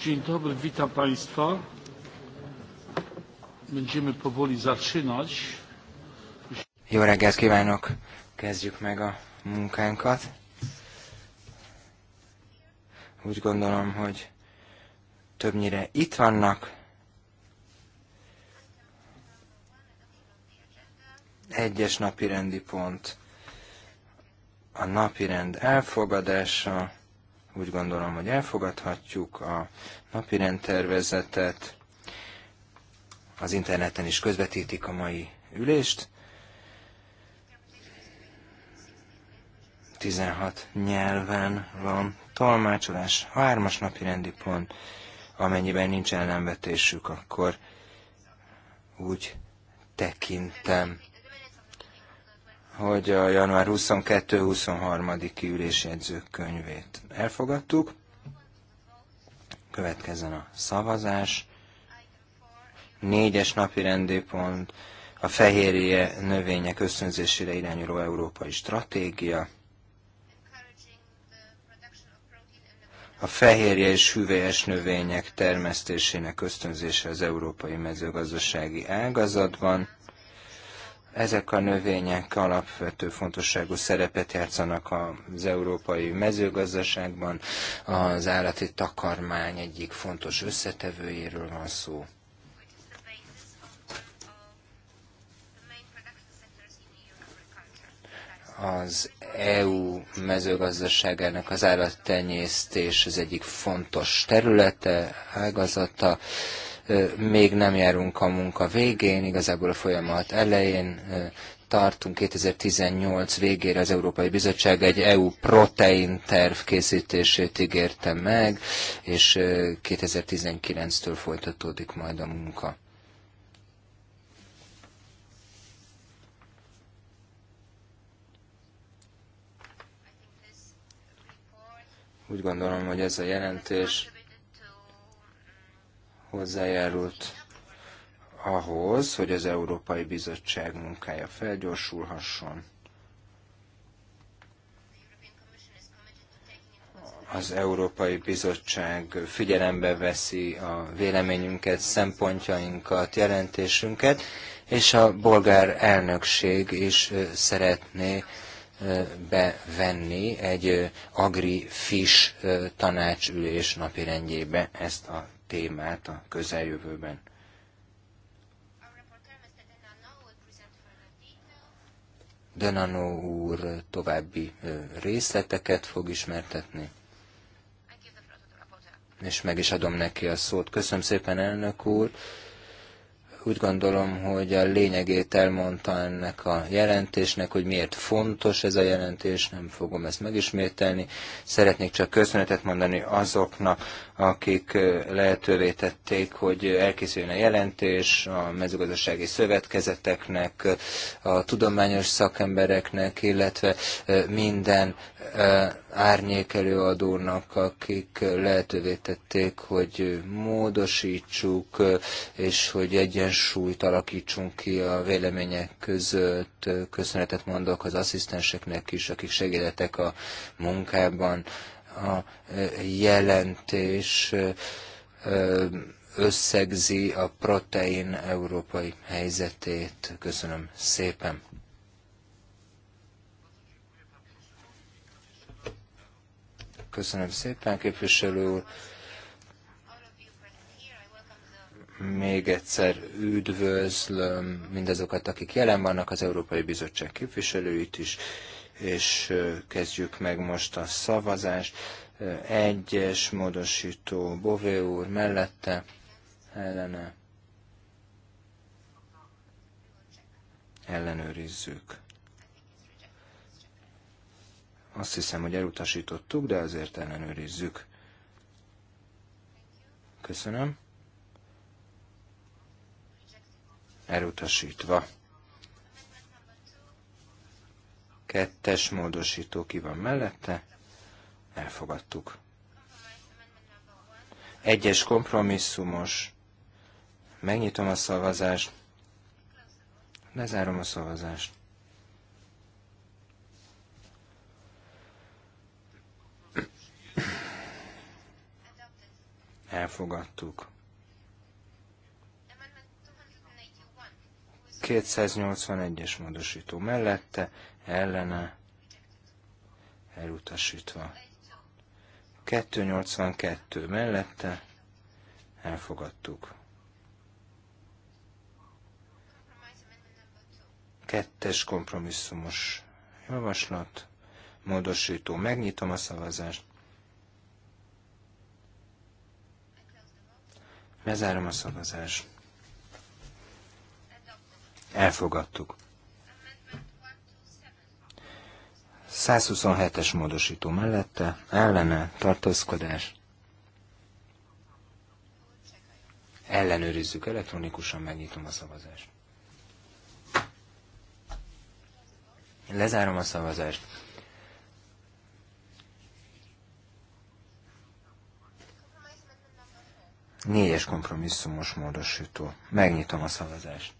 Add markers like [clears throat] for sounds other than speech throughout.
Dzień dobry, witam Państwa. Będziemy powoli zaczynać. Jó reggelt kívánok! Kezdjük meg a munkánkat. Úgy gondolom, hogy többnyire itt vannak, egyes napi rendi pont a napirend elfogadása. Úgy gondolom, hogy elfogadhatjuk a napirend tervezetet. Az interneten is közvetítik a mai ülést. 16 nyelven van tolmácsolás, hármas napi rendi pont, amennyiben nincs ellenvetésük, akkor úgy tekintem hogy a január 22-23-i könyvét elfogadtuk. Következzen a szavazás. Négyes napi rendőpont a fehérje növények ösztönzésére irányuló európai stratégia. a fehérje és hüvelyes növények termesztésének ösztönzése az európai mezőgazdasági ágazatban. Ezek a növények alapvető fontosságú szerepet játszanak az európai mezőgazdaságban. Az állati takarmány egyik fontos összetevőjéről van szó. az EU mezőgazdaságának az állattenyésztés az egyik fontos területe, ágazata még nem járunk a munka végén, igazából a folyamat elején tartunk 2018 végére az Európai Bizottság egy EU protein terv készítését ígérte meg, és 2019-től folytatódik majd a munka. Úgy gondolom, hogy ez a jelentés hozzájárult ahhoz, hogy az Európai Bizottság munkája felgyorsulhasson. Az Európai Bizottság figyelembe veszi a véleményünket, szempontjainkat, jelentésünket, és a bolgár elnökség is szeretné bevenni egy agri-fish tanácsülés napirendjébe ezt a témát a közeljövőben. Denano úr további részleteket fog ismertetni, és meg is adom neki a szót. Köszönöm szépen, elnök úr! Úgy gondolom, hogy a lényegét elmondta ennek a jelentésnek, hogy miért fontos ez a jelentés, nem fogom ezt megismételni. Szeretnék csak köszönetet mondani azoknak, akik lehetővé tették, hogy elkészüljön a jelentés a mezőgazdasági szövetkezeteknek, a tudományos szakembereknek, illetve minden árnyék előadónak, akik lehetővé tették, hogy módosítsuk, és hogy egyensúlyt alakítsunk ki a vélemények között. Köszönetet mondok az asszisztenseknek is, akik segítettek a munkában a e, jelentés e, e, összegzi a protein európai helyzetét. Köszönöm szépen. Köszönöm szépen, képviselő úr. Még egyszer üdvözlöm mindazokat, akik jelen vannak, az Európai Bizottság képviselőit is és kezdjük meg most a szavazást. Egyes módosító Bové úr mellette, ellene. Ellenőrizzük. Azt hiszem, hogy elutasítottuk, de azért ellenőrizzük. Köszönöm. Elutasítva. Kettes módosító ki van mellette, elfogadtuk. Egyes kompromisszumos, megnyitom a szavazást, lezárom a szavazást. Elfogadtuk. 281-es módosító mellette, ellene elutasítva. 282 mellette elfogadtuk. Kettes kompromisszumos javaslat, módosító, megnyitom a szavazást. Lezárom a szavazást. Elfogadtuk. 127-es módosító mellette, ellene, tartózkodás. Ellenőrizzük elektronikusan, megnyitom a szavazást. Lezárom a szavazást. Négyes kompromisszumos módosító. Megnyitom a szavazást.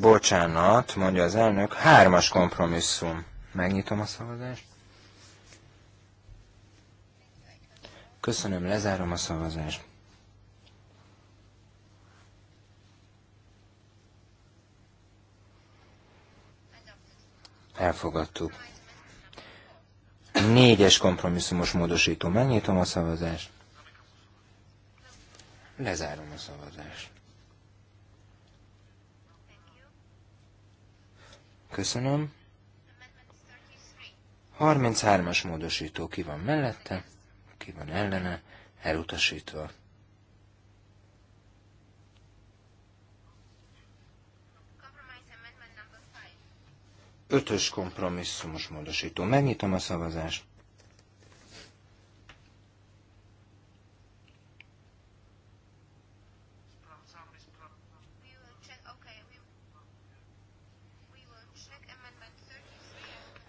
Bocsánat, mondja az elnök, hármas kompromisszum. Megnyitom a szavazást. Köszönöm, lezárom a szavazást. Elfogadtuk. Négyes kompromisszumos módosító. Megnyitom a szavazást. Lezárom a szavazást. Köszönöm. 33-as módosító ki van mellette, ki van ellene, elutasítva. Ötös kompromisszumos módosító. Megnyitom a szavazást.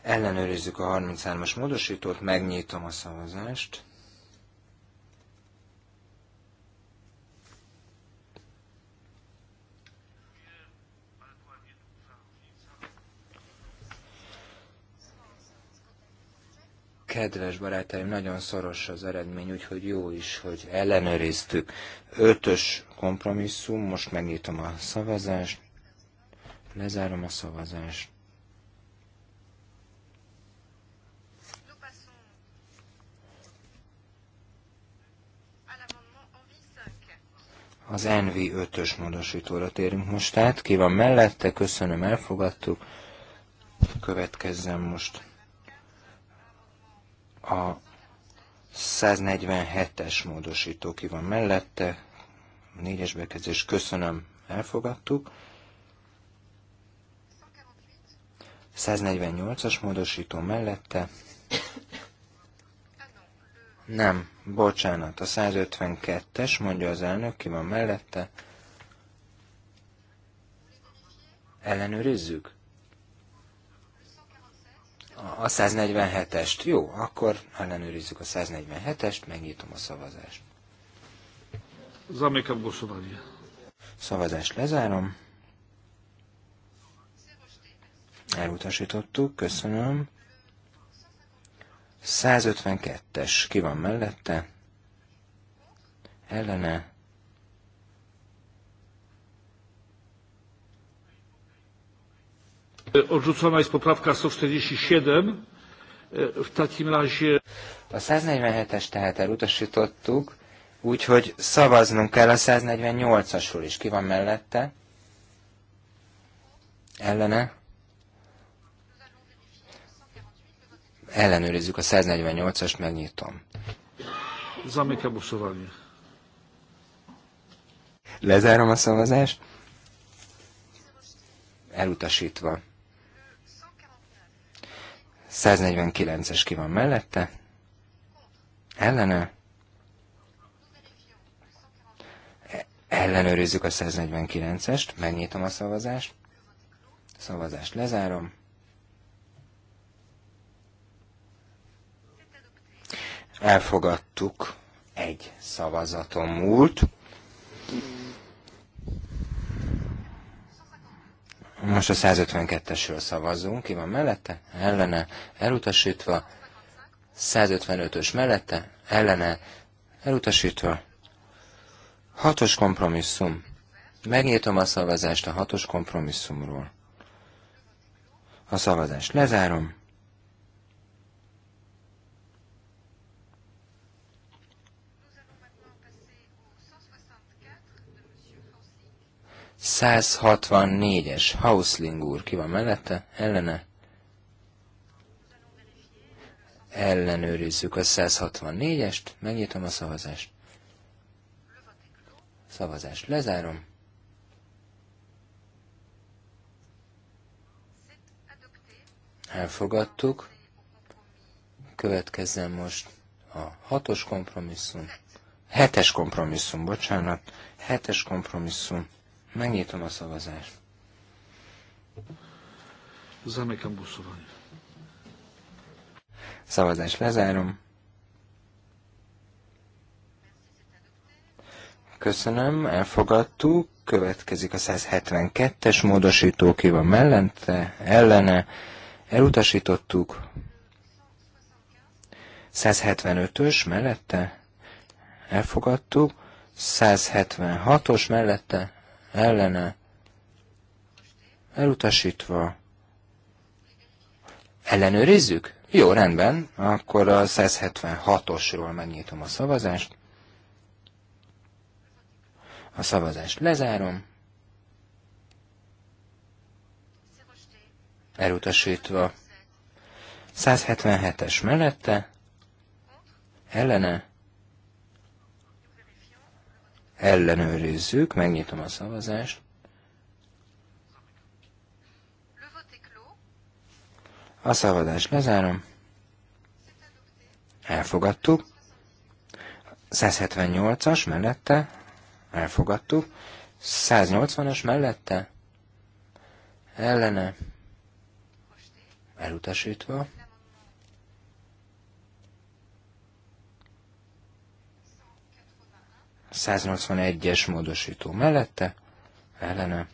Ellenőrizzük a 33-as módosítót, megnyitom a szavazást. kedves barátaim, nagyon szoros az eredmény, úgyhogy jó is, hogy ellenőriztük. Ötös kompromisszum, most megnyitom a szavazást, lezárom a szavazást. Az NV 5-ös módosítóra térünk most át. Ki van mellette? Köszönöm, elfogadtuk. Következzen most a 147-es módosító ki van mellette. A es bekezdés köszönöm, elfogadtuk. 148-as módosító mellette. Nem, Bocsánat, a 152-es, mondja az elnök, ki van mellette. Ellenőrizzük? A 147-est. Jó, akkor ellenőrizzük a 147-est, megnyitom a szavazást. Zamykam głosowanie. Szavazást lezárom. Elutasítottuk, köszönöm. 152-es, ki van mellette? Ellene. Odrzucona jest poprawka 147. E, w takim razie... A 147-es tehát elutasítottuk, úgyhogy szavaznunk kell a 148-asról is. Ki van mellette? Ellene? ellenőrizzük a 148-ast, megnyitom. Zamika Buszoványi. Lezárom a szavazást. Elutasítva. 149-es ki van mellette. Ellene. Ellenőrizzük a 149-est, megnyitom a szavazást. Szavazást lezárom. Elfogadtuk. Egy szavazaton múlt. Most a 152-esről szavazunk. Ki van mellette? Ellene. Elutasítva. 155-ös mellette. Ellene. Elutasítva. Hatos kompromisszum. Megnyitom a szavazást a hatos kompromisszumról. A szavazást lezárom. 164-es Hausling úr, ki van mellette? Ellene? Ellenőrizzük a 164-est, megnyitom a szavazást. Szavazást lezárom. Elfogadtuk. Következzen most a hatos kompromisszum. Hetes kompromisszum, bocsánat. Hetes kompromisszum Megnyitom a szavazást. Zamekam buszolani. Szavazást lezárom. Köszönöm, elfogadtuk. Következik a 172-es módosító, ki van mellente, ellene. Elutasítottuk. 175-ös mellette. Elfogadtuk. 176-os mellette ellene elutasítva. Ellenőrizzük? Jó, rendben, akkor a 176-osról megnyitom a szavazást. A szavazást lezárom. Elutasítva. 177-es mellette. Ellene ellenőrizzük, megnyitom a szavazást. A szavazást lezárom. Elfogadtuk. 178-as mellette. Elfogadtuk. 180-as mellette. Ellene. Elutasítva. 181-es módosító mellette, ellene.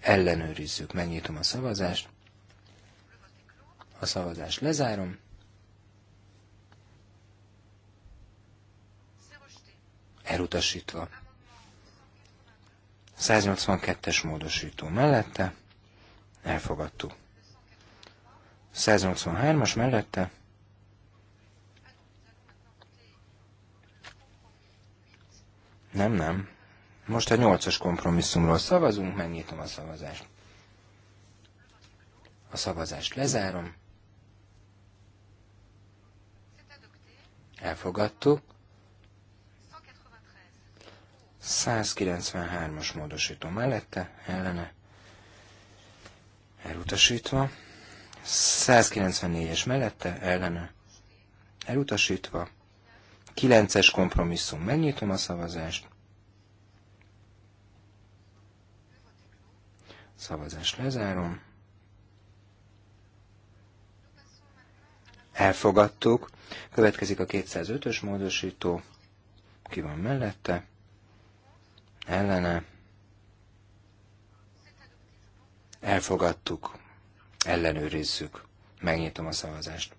Ellenőrizzük, megnyitom a szavazást. A szavazást lezárom. Elutasítva. 182-es módosító mellette, elfogadtuk. 183-as mellette, Nem, nem. Most a nyolcas kompromisszumról szavazunk, megnyitom a szavazást. A szavazást lezárom. Elfogadtuk. 193-as módosító mellette, ellene, elutasítva. 194-es mellette, ellene, elutasítva. Kilences kompromisszum. Megnyitom a szavazást. Szavazást lezárom. Elfogadtuk. Következik a 205-ös módosító. Ki van mellette? Ellene. Elfogadtuk. Ellenőrizzük. Megnyitom a szavazást.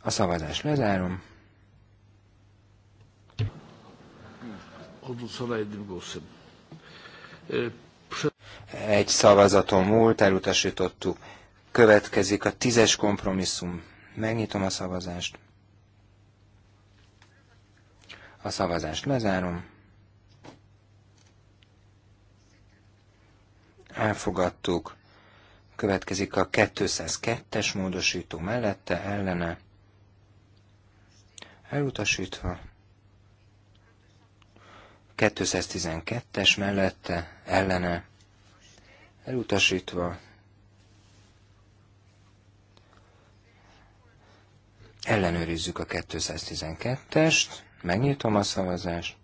A szavazást lezárom. E, egy szavazaton múlt, elutasítottuk. Következik a tízes kompromisszum. Megnyitom a szavazást. A szavazást lezárom. Elfogadtuk. Következik a 202-es módosító mellette, ellene elutasítva. 212-es mellette, ellene, elutasítva. Ellenőrizzük a 212-est, megnyitom a szavazást,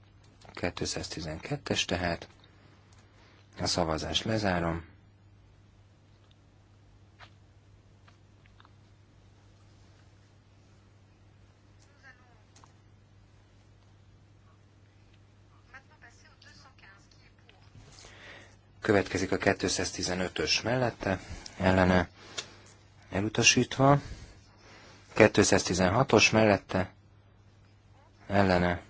212-es tehát, a szavazást lezárom. Következik a 215-ös mellette, ellene elutasítva. 216-os mellette, ellene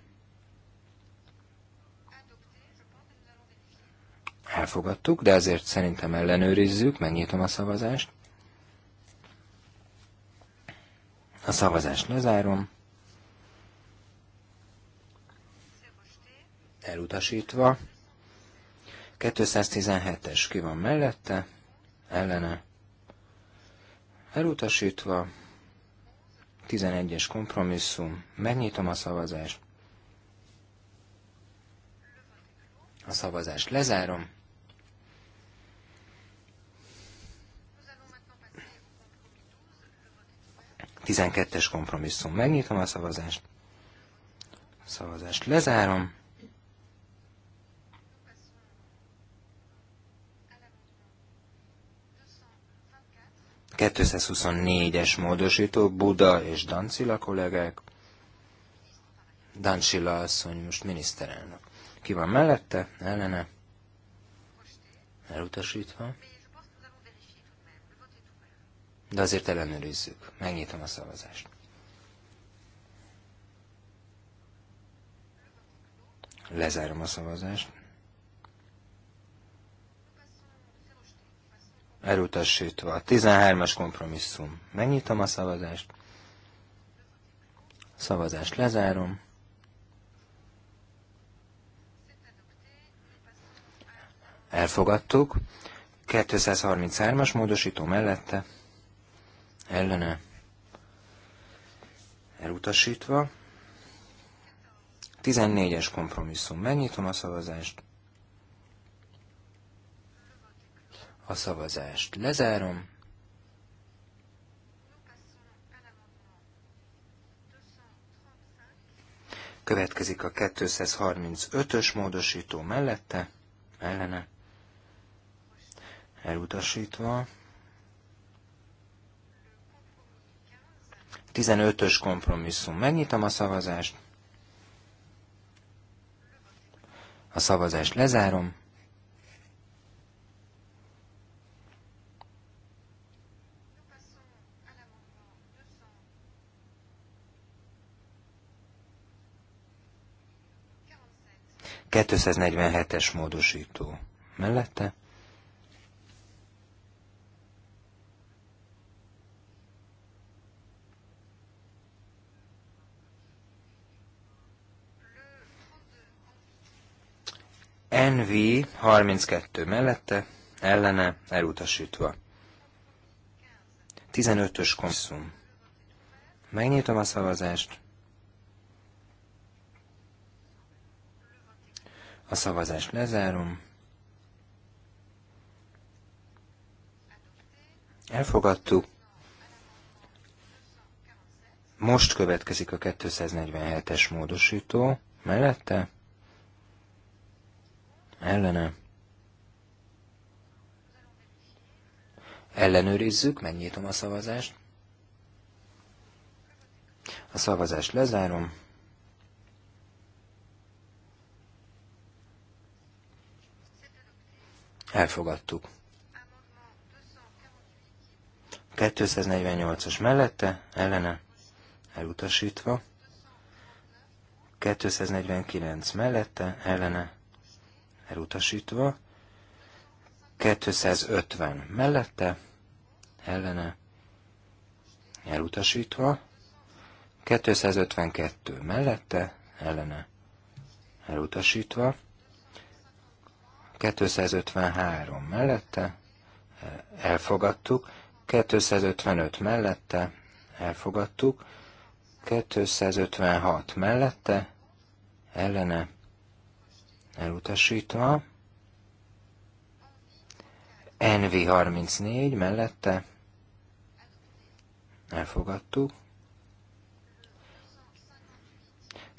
elfogadtuk, de azért szerintem ellenőrizzük, megnyitom a szavazást. A szavazást lezárom. Elutasítva. 217-es ki van mellette, ellene elutasítva, 11-es kompromisszum, megnyitom a szavazást, a szavazást lezárom, Tizenkettes kompromisszum. Megnyitom a szavazást. A szavazást lezárom. 224-es módosító, Buda és Dancila kollégák. Dancila asszony most miniszterelnök. Ki van mellette? Ellene? Elutasítva. De azért ellenőrizzük. Megnyitom a szavazást. Lezárom a szavazást. elutasítva. 13-as kompromisszum. Megnyitom a szavazást. Szavazást lezárom. Elfogadtuk. 233-as módosító mellette. Ellene. Elutasítva. 14-es kompromisszum. Megnyitom a szavazást. A szavazást lezárom. Következik a 235-ös módosító mellette, ellene, elutasítva. 15-ös kompromisszum. Megnyitom a szavazást. A szavazást lezárom. 247-es módosító mellette. NV 32 mellette, ellene elutasítva. 15-ös konszum. Megnyitom a szavazást. A szavazást lezárom. Elfogadtuk. Most következik a 247-es módosító. Mellette? Ellene? Ellenőrizzük, megnyitom a szavazást. A szavazást lezárom. Elfogadtuk. 248-as mellette, ellene, elutasítva. 249 mellette, ellene, elutasítva. 250 mellette, ellene, elutasítva. 252 mellette, ellene, elutasítva. 253 e, mellette elfogadtuk, 255 mellette elfogadtuk, 256 mellette ellene elutasítva, NV34 mellette elfogadtuk,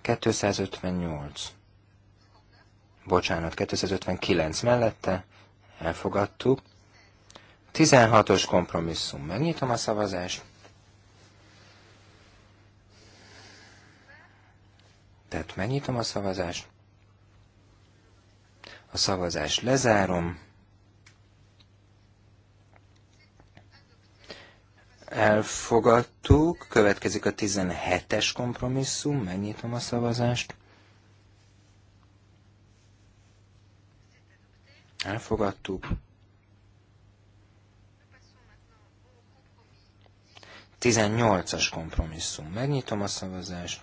258 bocsánat, 259 mellette elfogadtuk. 16-os kompromisszum. Megnyitom a szavazást. Tehát megnyitom a szavazást. A szavazást lezárom. Elfogadtuk. Következik a 17-es kompromisszum. Megnyitom a szavazást. Elfogadtuk. Tizennyolcas kompromisszum. Megnyitom a szavazást.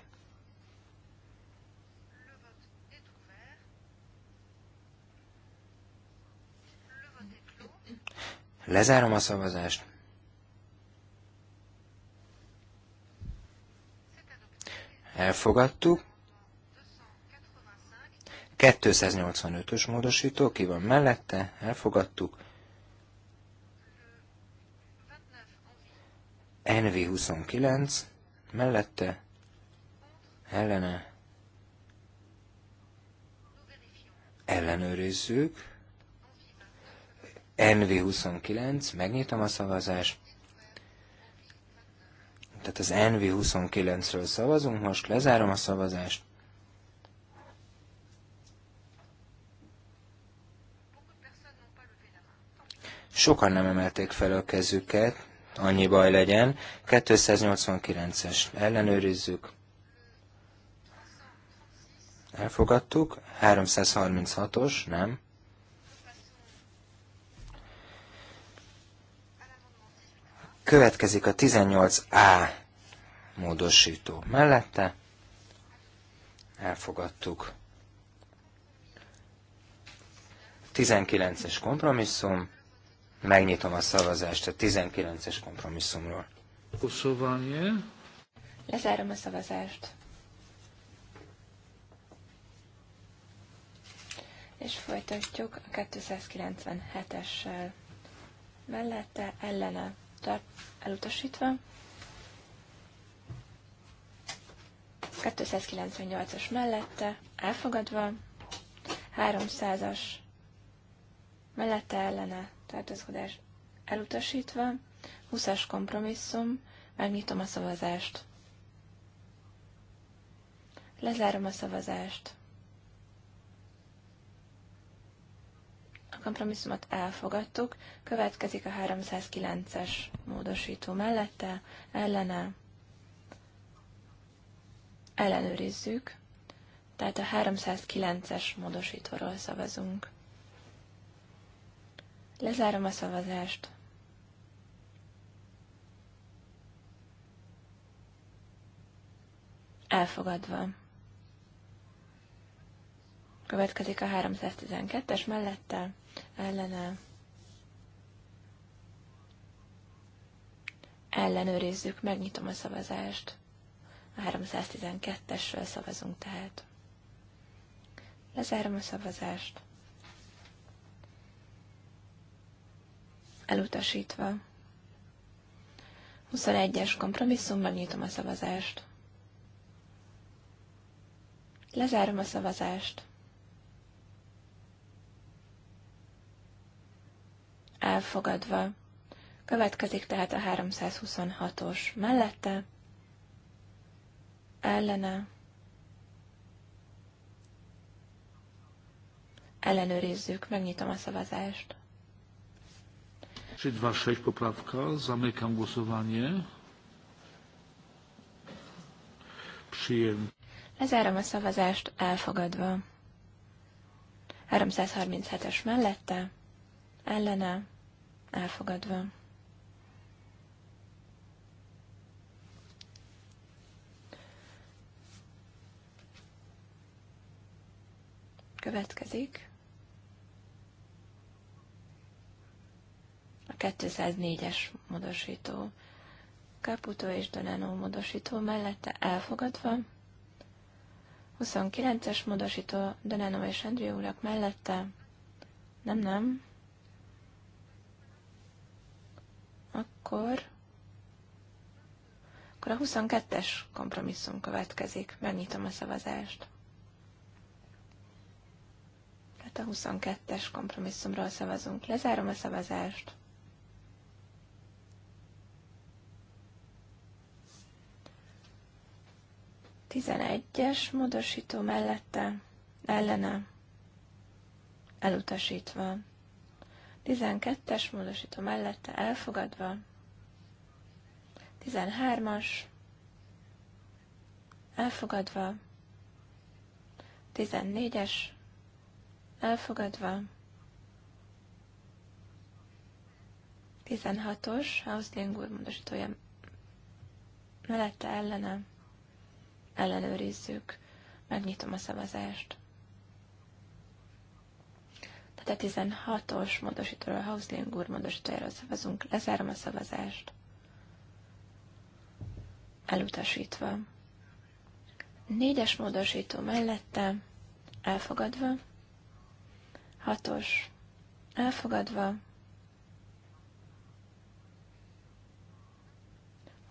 Lezárom a szavazást. Elfogadtuk. 285-ös módosító, ki van mellette, elfogadtuk. NV29, mellette, ellene, ellenőrizzük. NV29, megnyitom a szavazást. Tehát az NV29-ről szavazunk, most lezárom a szavazást. Sokan nem emelték fel a kezüket, annyi baj legyen. 289-es. Ellenőrizzük. Elfogadtuk. 336-os, nem. Következik a 18A módosító mellette. Elfogadtuk. 19-es kompromisszum Megnyitom a szavazást a 19-es kompromisszumról. Koszovanie. Lezárom a szavazást. És folytatjuk a 297-essel. Mellette, ellene, tart elutasítva. 298-as mellette, elfogadva. 300-as mellette ellene tartózkodás elutasítva, 20-as kompromisszum, megnyitom a szavazást. Lezárom a szavazást. A kompromisszumot elfogadtuk, következik a 309-es módosító mellette, ellene, ellenőrizzük, tehát a 309-es módosítóról szavazunk. Lezárom a szavazást. Elfogadva. Következik a 312-es mellette, ellene. Ellenőrizzük, megnyitom a szavazást. A 312-esről szavazunk tehát. Lezárom a szavazást. elutasítva. 21-es kompromisszumban nyitom a szavazást. Lezárom a szavazást. Elfogadva. Következik tehát a 326-os mellette, ellene, ellenőrizzük, megnyitom a szavazást. 326 poprawka. Zamykam głosowanie. Lezárom a szavazást elfogadva. 337-es mellette, ellene, elfogadva. Következik. 204-es módosító. Caputo és Donano módosító mellette elfogadva. 29-es módosító Donano és Andrew urak mellette. Nem, nem. Akkor... Akkor a 22-es kompromisszum következik. Megnyitom a szavazást. Tehát a 22-es kompromisszumról szavazunk. Lezárom a szavazást. 11-es módosító mellette, ellene, elutasítva. 12-es módosító mellette, elfogadva. 13-as, elfogadva. 14-es, elfogadva. 16-os, Hauslingul módosítója mellette, ellene ellenőrizzük. Megnyitom a szavazást. Tehát a 16-os módosítóról, Hausling úr módosítójáról szavazunk. Lezárom a szavazást. Elutasítva. Négyes módosító mellette elfogadva. Hatos elfogadva.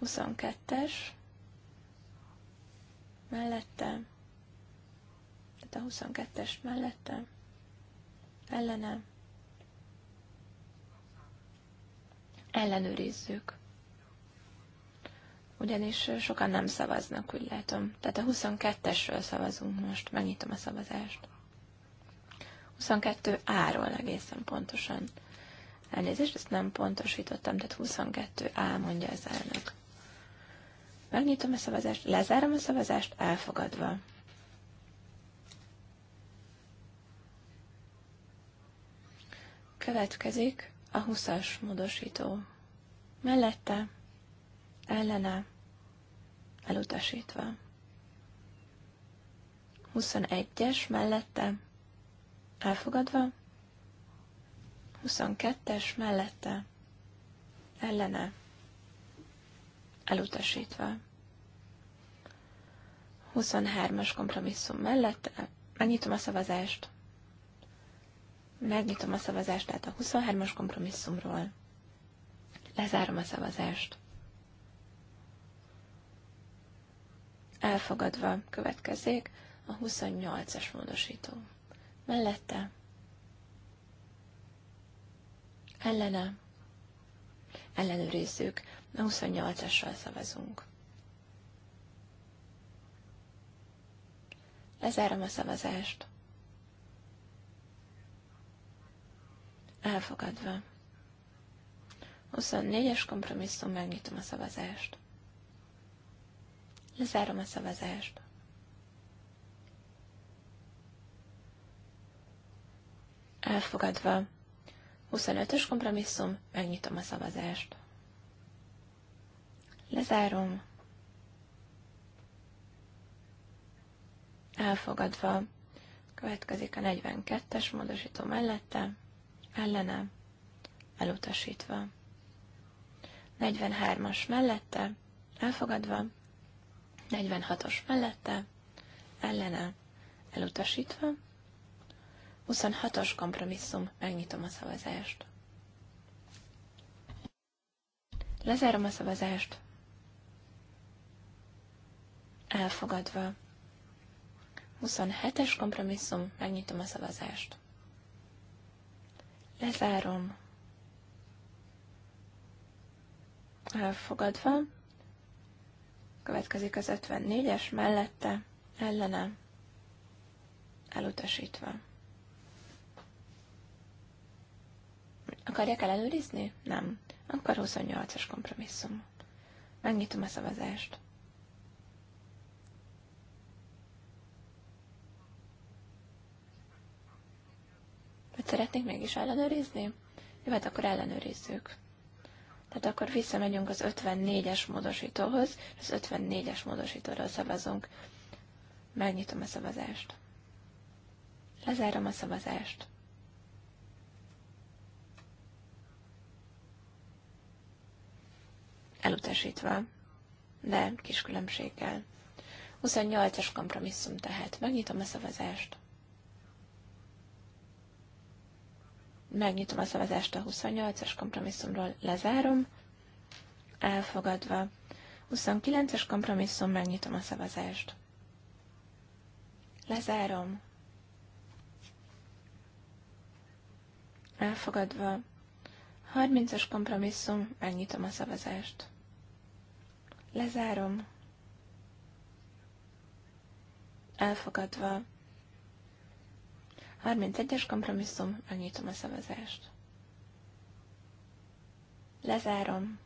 22-es mellette, tehát a 22-es mellette, ellene, ellenőrizzük. Ugyanis sokan nem szavaznak, úgy látom. Tehát a 22-esről szavazunk most, megnyitom a szavazást. 22 áról egészen pontosan. Elnézést, ezt nem pontosítottam, tehát 22 A mondja az elnök. Megnyitom a szavazást, lezárom a szavazást, elfogadva. Következik a 20-as módosító. Mellette, ellene, elutasítva. 21-es mellette, elfogadva. 22-es mellette, ellene, elutasítva. 23-as kompromisszum mellett megnyitom a szavazást. Megnyitom a szavazást, tehát a 23-as kompromisszumról. Lezárom a szavazást. Elfogadva következik a 28-as módosító. Mellette. Ellene ellenőrizzük. A 28-assal szavazunk. Lezárom a szavazást. Elfogadva. 24-es kompromisszum, megnyitom a szavazást. Lezárom a szavazást. Elfogadva. 25-ös kompromisszum, megnyitom a szavazást. Lezárom. Elfogadva. Következik a 42-es módosító mellette, ellene, elutasítva. 43-as mellette, elfogadva, 46-os mellette, ellene, elutasítva, 26-os kompromisszum. Megnyitom a szavazást. Lezárom a szavazást. Elfogadva. 27-es kompromisszum. Megnyitom a szavazást. Lezárom. Elfogadva. Következik az 54-es mellette, ellene, elutasítva. Akarják ellenőrizni? Nem. Akkor 28-as kompromisszum. Megnyitom a szavazást. Vagy szeretnék mégis ellenőrizni? Jó, hát akkor ellenőrizzük. Tehát akkor visszamegyünk az 54-es módosítóhoz, és az 54-es módosítóról szavazunk. Megnyitom a szavazást. Lezárom a szavazást. elutasítva, de kis különbséggel. 28-as kompromisszum tehát. Megnyitom a szavazást. Megnyitom a szavazást a 28-as kompromisszumról, lezárom. Elfogadva. 29-es kompromisszum, megnyitom a szavazást. Lezárom. Elfogadva. 30-as kompromisszum, megnyitom a szavazást. Lezárom. Elfogadva. 31-es kompromisszum, megnyitom a szavazást. Lezárom.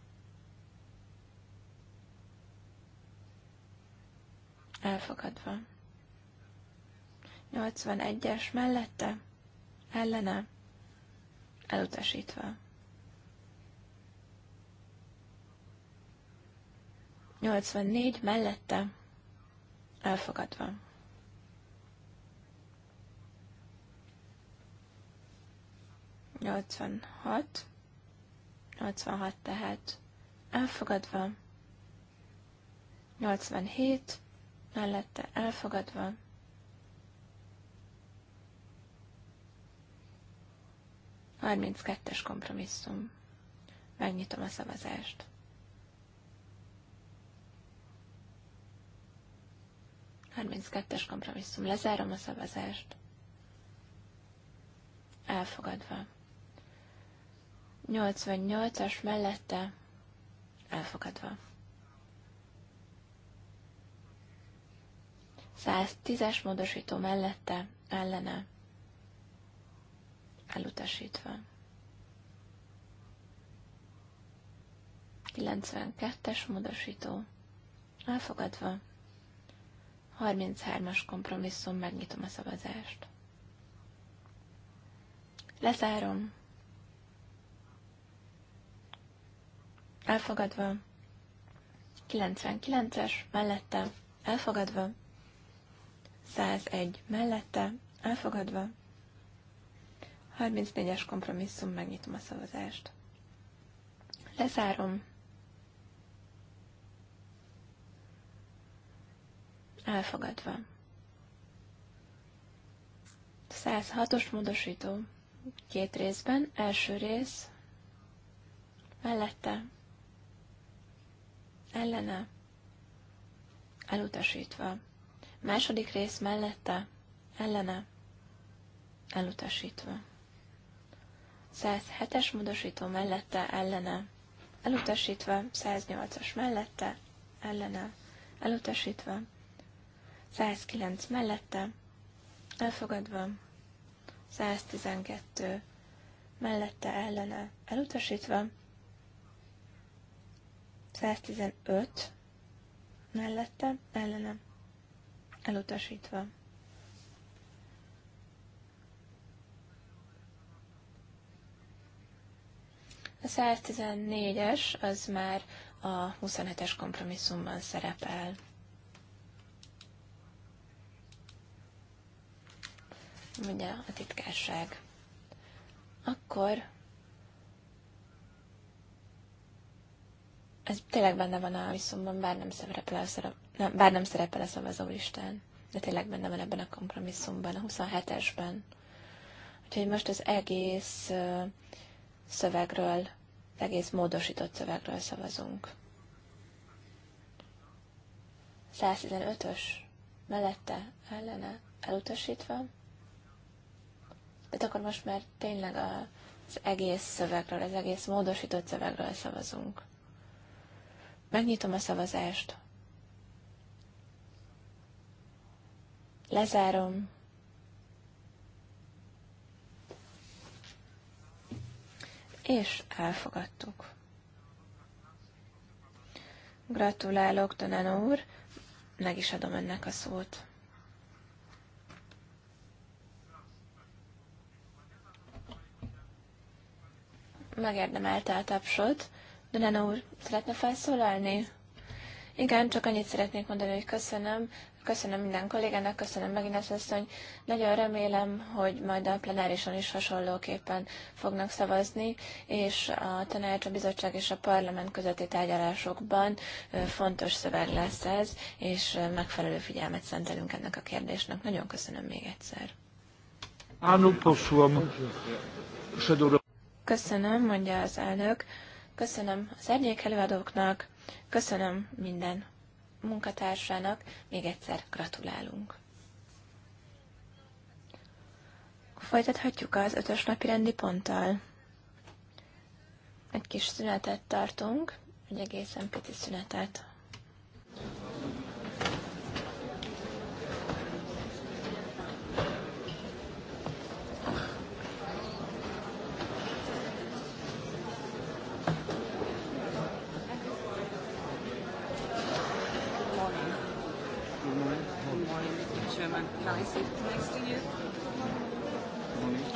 Elfogadva. 81-es mellette, ellene, elutasítva. 84 mellette elfogadva. Nyolcvanhat, nyolcvanhat tehát elfogadva, nyolcvanhét mellette elfogadva, harminckettes kompromisszum. Megnyitom a szavazást. 32-es kompromisszum. Lezárom a szavazást. Elfogadva. 88-as mellette. Elfogadva. 110-es módosító mellette. Ellene. Elutasítva. 92-es módosító. Elfogadva. 33-as kompromisszum, megnyitom a szavazást. Lezárom. Elfogadva. 99-es mellette. Elfogadva. 101 mellette. Elfogadva. 34-es kompromisszum, megnyitom a szavazást. Lezárom. elfogadva. 106-os módosító. Két részben, első rész, mellette, ellene, elutasítva. Második rész mellette, ellene, elutasítva. 107-es módosító mellette, ellene, elutasítva, 108-as mellette, ellene, elutasítva, 109 mellette, elfogadva, 112 mellette ellene elutasítva, 115 mellette ellene elutasítva. A 114-es az már a 27-es kompromisszumban szerepel. mondja a titkárság. Akkor ez tényleg benne van a viszomban, bár nem szerepel a, szerep, nem, bár nem szerepel a szavazólistán, de tényleg benne van ebben a kompromisszumban, a 27-esben. Úgyhogy most az egész szövegről, egész módosított szövegről szavazunk. 115-ös mellette ellene elutasítva tehát akkor most már tényleg az egész szövegről, az egész módosított szövegről szavazunk. Megnyitom a szavazást. Lezárom. És elfogadtuk. Gratulálok, tanán úr, meg is adom ennek a szót. megérdemelte a tapsot. Dunana úr, szeretne felszólalni? Igen, csak annyit szeretnék mondani, hogy köszönöm. Köszönöm minden kollégának, köszönöm megint az asszony. Nagyon remélem, hogy majd a plenárison is hasonlóképpen fognak szavazni, és a tanács, a bizottság és a parlament közötti tárgyalásokban fontos szöveg lesz ez, és megfelelő figyelmet szentelünk ennek a kérdésnek. Nagyon köszönöm még egyszer. Áno, poszúam. Köszönöm, mondja az elnök. Köszönöm az előadóknak, köszönöm minden munkatársának, még egyszer gratulálunk. Folytathatjuk az ötös napi rendi ponttal. Egy kis szünetet tartunk, egy egészen pici szünetet. Can I sit next to you? Morning.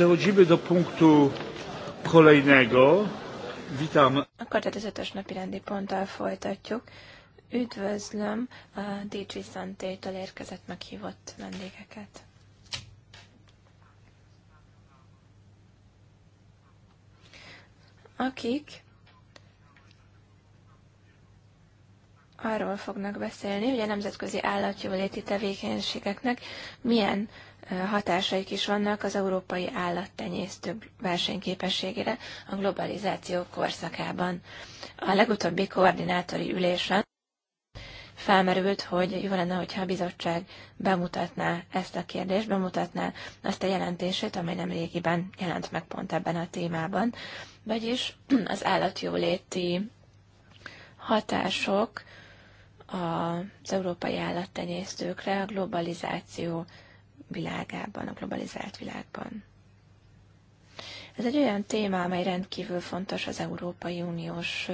Przechodzimy do punktu kolejnego. Witam. Akkor tehát az ötös napi rendi ponttal folytatjuk. Üdvözlöm a DG santé érkezett meghívott vendégeket. Akik arról fognak beszélni, hogy a nemzetközi állatjóléti tevékenységeknek milyen hatásaik is vannak az európai állattenyésztők versenyképességére a globalizáció korszakában. A legutóbbi koordinátori ülésen felmerült, hogy jó lenne, hogyha a bizottság bemutatná ezt a kérdést, bemutatná azt a jelentését, amely nem régiben jelent meg pont ebben a témában, vagyis [clears throat] az állatjóléti hatások az európai állattenyésztőkre a globalizáció világában, a globalizált világban. Ez egy olyan téma, amely rendkívül fontos az Európai Uniós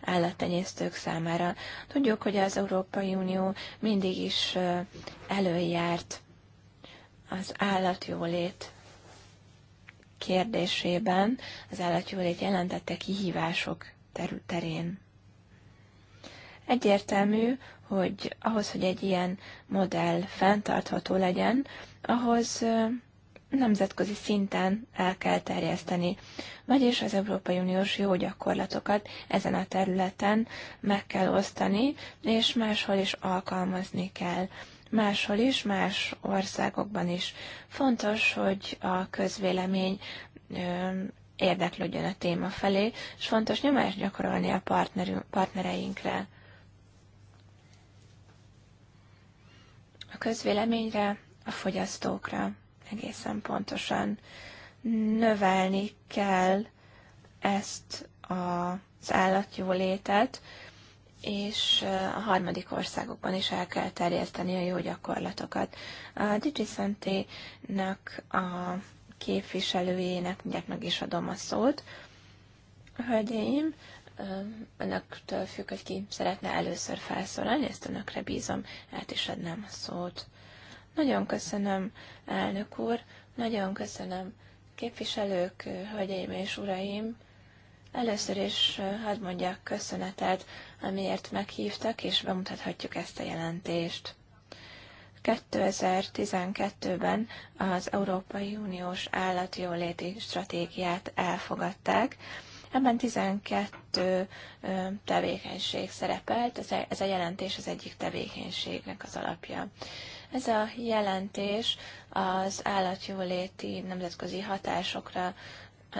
állattenyésztők számára. Tudjuk, hogy az Európai Unió mindig is előjárt az állatjólét kérdésében, az állatjólét jelentette kihívások terén. Egyértelmű, hogy ahhoz, hogy egy ilyen modell fenntartható legyen, ahhoz nemzetközi szinten el kell terjeszteni, vagyis az Európai Uniós jó gyakorlatokat ezen a területen meg kell osztani, és máshol is alkalmazni kell. Máshol is, más országokban is. Fontos, hogy a közvélemény érdeklődjön a téma felé, és fontos nyomást gyakorolni a partnereinkre a közvéleményre, a fogyasztókra egészen pontosan. Növelni kell ezt az állatjólétet, és eh, a harmadik országokban is el kell terjeszteni a jó gyakorlatokat. A DigiSanté-nak a képviselőjének mindjárt meg is adom a szót. Hölgyeim, önöktől függ, hogy ki szeretne először felszólalni, ezt önökre bízom, át is adnám a szót. Nagyon köszönöm, elnök úr, nagyon köszönöm, képviselők, hölgyeim és uraim. Először is hadd mondjak köszönetet, amiért meghívtak, és bemutathatjuk ezt a jelentést. 2012-ben az Európai Uniós Állatjóléti Stratégiát elfogadták, Ebben 12 tevékenység szerepelt, ez a jelentés az egyik tevékenységnek az alapja. Ez a jelentés az állatjóléti nemzetközi hatásokra,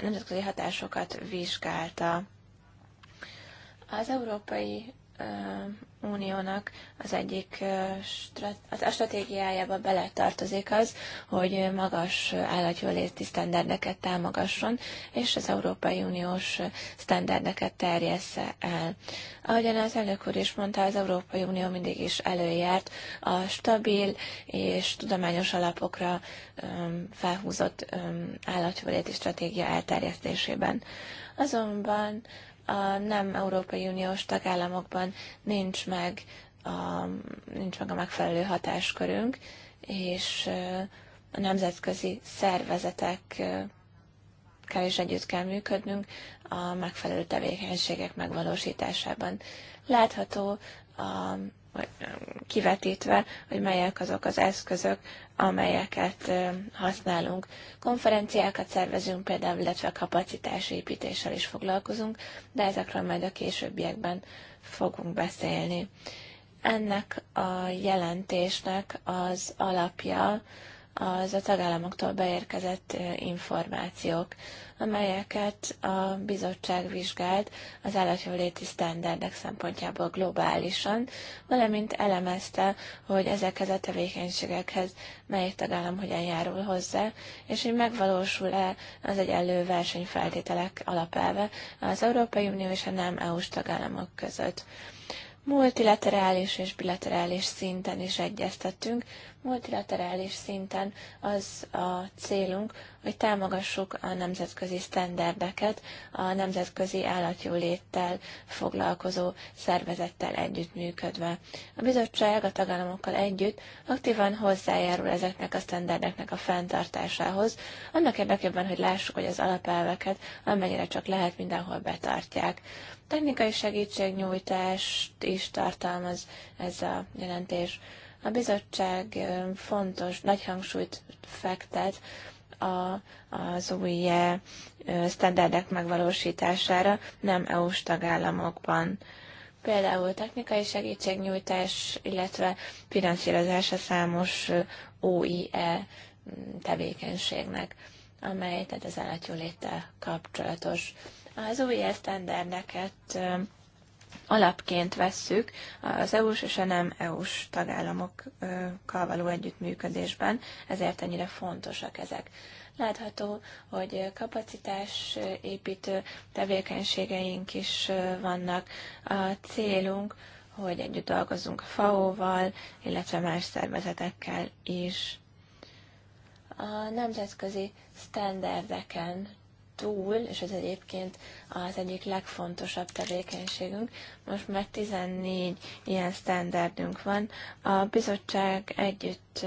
nemzetközi hatásokat vizsgálta. Az Európai Uniónak az egyik a stratégiájába beletartozik az, hogy magas állatjóléti sztenderdeket támogasson, és az Európai Uniós sztenderdeket terjessze el. Ahogyan az elnök úr is mondta, az Európai Unió mindig is előjárt a stabil és tudományos alapokra felhúzott állatjóléti stratégia elterjesztésében. Azonban a nem Európai Uniós tagállamokban nincs meg a, nincs meg a megfelelő hatáskörünk, és a nemzetközi szervezetekkel is együtt kell működnünk a megfelelő tevékenységek megvalósításában. Látható a kivetítve, hogy melyek azok az eszközök, amelyeket használunk. Konferenciákat szervezünk például, illetve kapacitásépítéssel is foglalkozunk, de ezekről majd a későbbiekben fogunk beszélni. Ennek a jelentésnek az alapja az a tagállamoktól beérkezett információk, amelyeket a bizottság vizsgált az állatjóléti sztenderdek szempontjából globálisan, valamint elemezte, hogy ezekhez a tevékenységekhez melyik tagállam hogyan járul hozzá, és hogy megvalósul-e az egyenlő versenyfeltételek alapelve az Európai Unió és a nem EU-s tagállamok között multilaterális és bilaterális szinten is egyeztetünk. Multilaterális szinten az a célunk, hogy támogassuk a nemzetközi sztenderdeket a nemzetközi állatjóléttel foglalkozó szervezettel együttműködve. A bizottság a tagállamokkal együtt aktívan hozzájárul ezeknek a sztenderdeknek a fenntartásához, annak érdekében, hogy lássuk, hogy az alapelveket amennyire csak lehet mindenhol betartják. Technikai segítségnyújtást is tartalmaz ez a jelentés. A bizottság fontos, nagy hangsúlyt fektet a, az új standardek megvalósítására nem EU-s tagállamokban. Például technikai segítségnyújtás, illetve finanszírozása számos OIE tevékenységnek, amely tehát az állatjóléttel kapcsolatos. Az új sztenderdeket alapként vesszük az EU-s és a nem EU-s tagállamokkal való együttműködésben, ezért ennyire fontosak ezek. Látható, hogy kapacitás építő tevékenységeink is vannak. A célunk, hogy együtt dolgozunk a FAO-val, illetve más szervezetekkel is. A nemzetközi standardeken túl, és ez egyébként az egyik legfontosabb tevékenységünk, most már 14 ilyen standardünk van. A bizottság együtt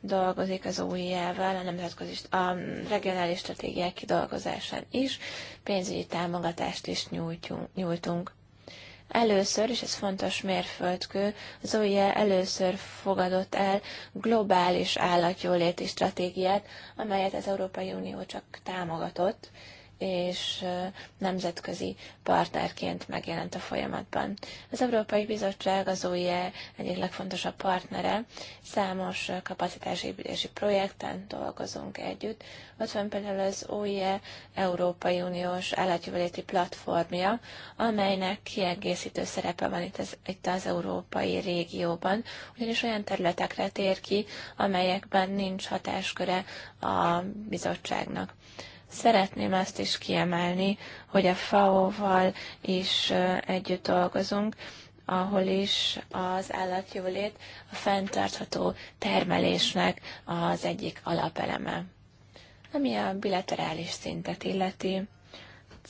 dolgozik az OIE-vel, a nemzetközi, a regionális stratégiák kidolgozásán is, pénzügyi támogatást is nyújtunk. nyújtunk. Először, és ez fontos mérföldkő, az OIE először fogadott el globális állatjóléti stratégiát, amelyet az Európai Unió csak támogatott, és nemzetközi partnerként megjelent a folyamatban. Az Európai Bizottság az OIE egyik legfontosabb partnere, számos kapacitásépítési projekten dolgozunk együtt. Ott van például az OIE Európai Uniós állatjóléti platformja, amelynek kiegészítő szerepe van itt az, itt az európai régióban, ugyanis olyan területekre tér ki, amelyekben nincs hatásköre a bizottságnak. Szeretném azt is kiemelni, hogy a FAO-val is együtt dolgozunk, ahol is az állatjólét a fenntartható termelésnek az egyik alapeleme. Ami a bilaterális szintet illeti,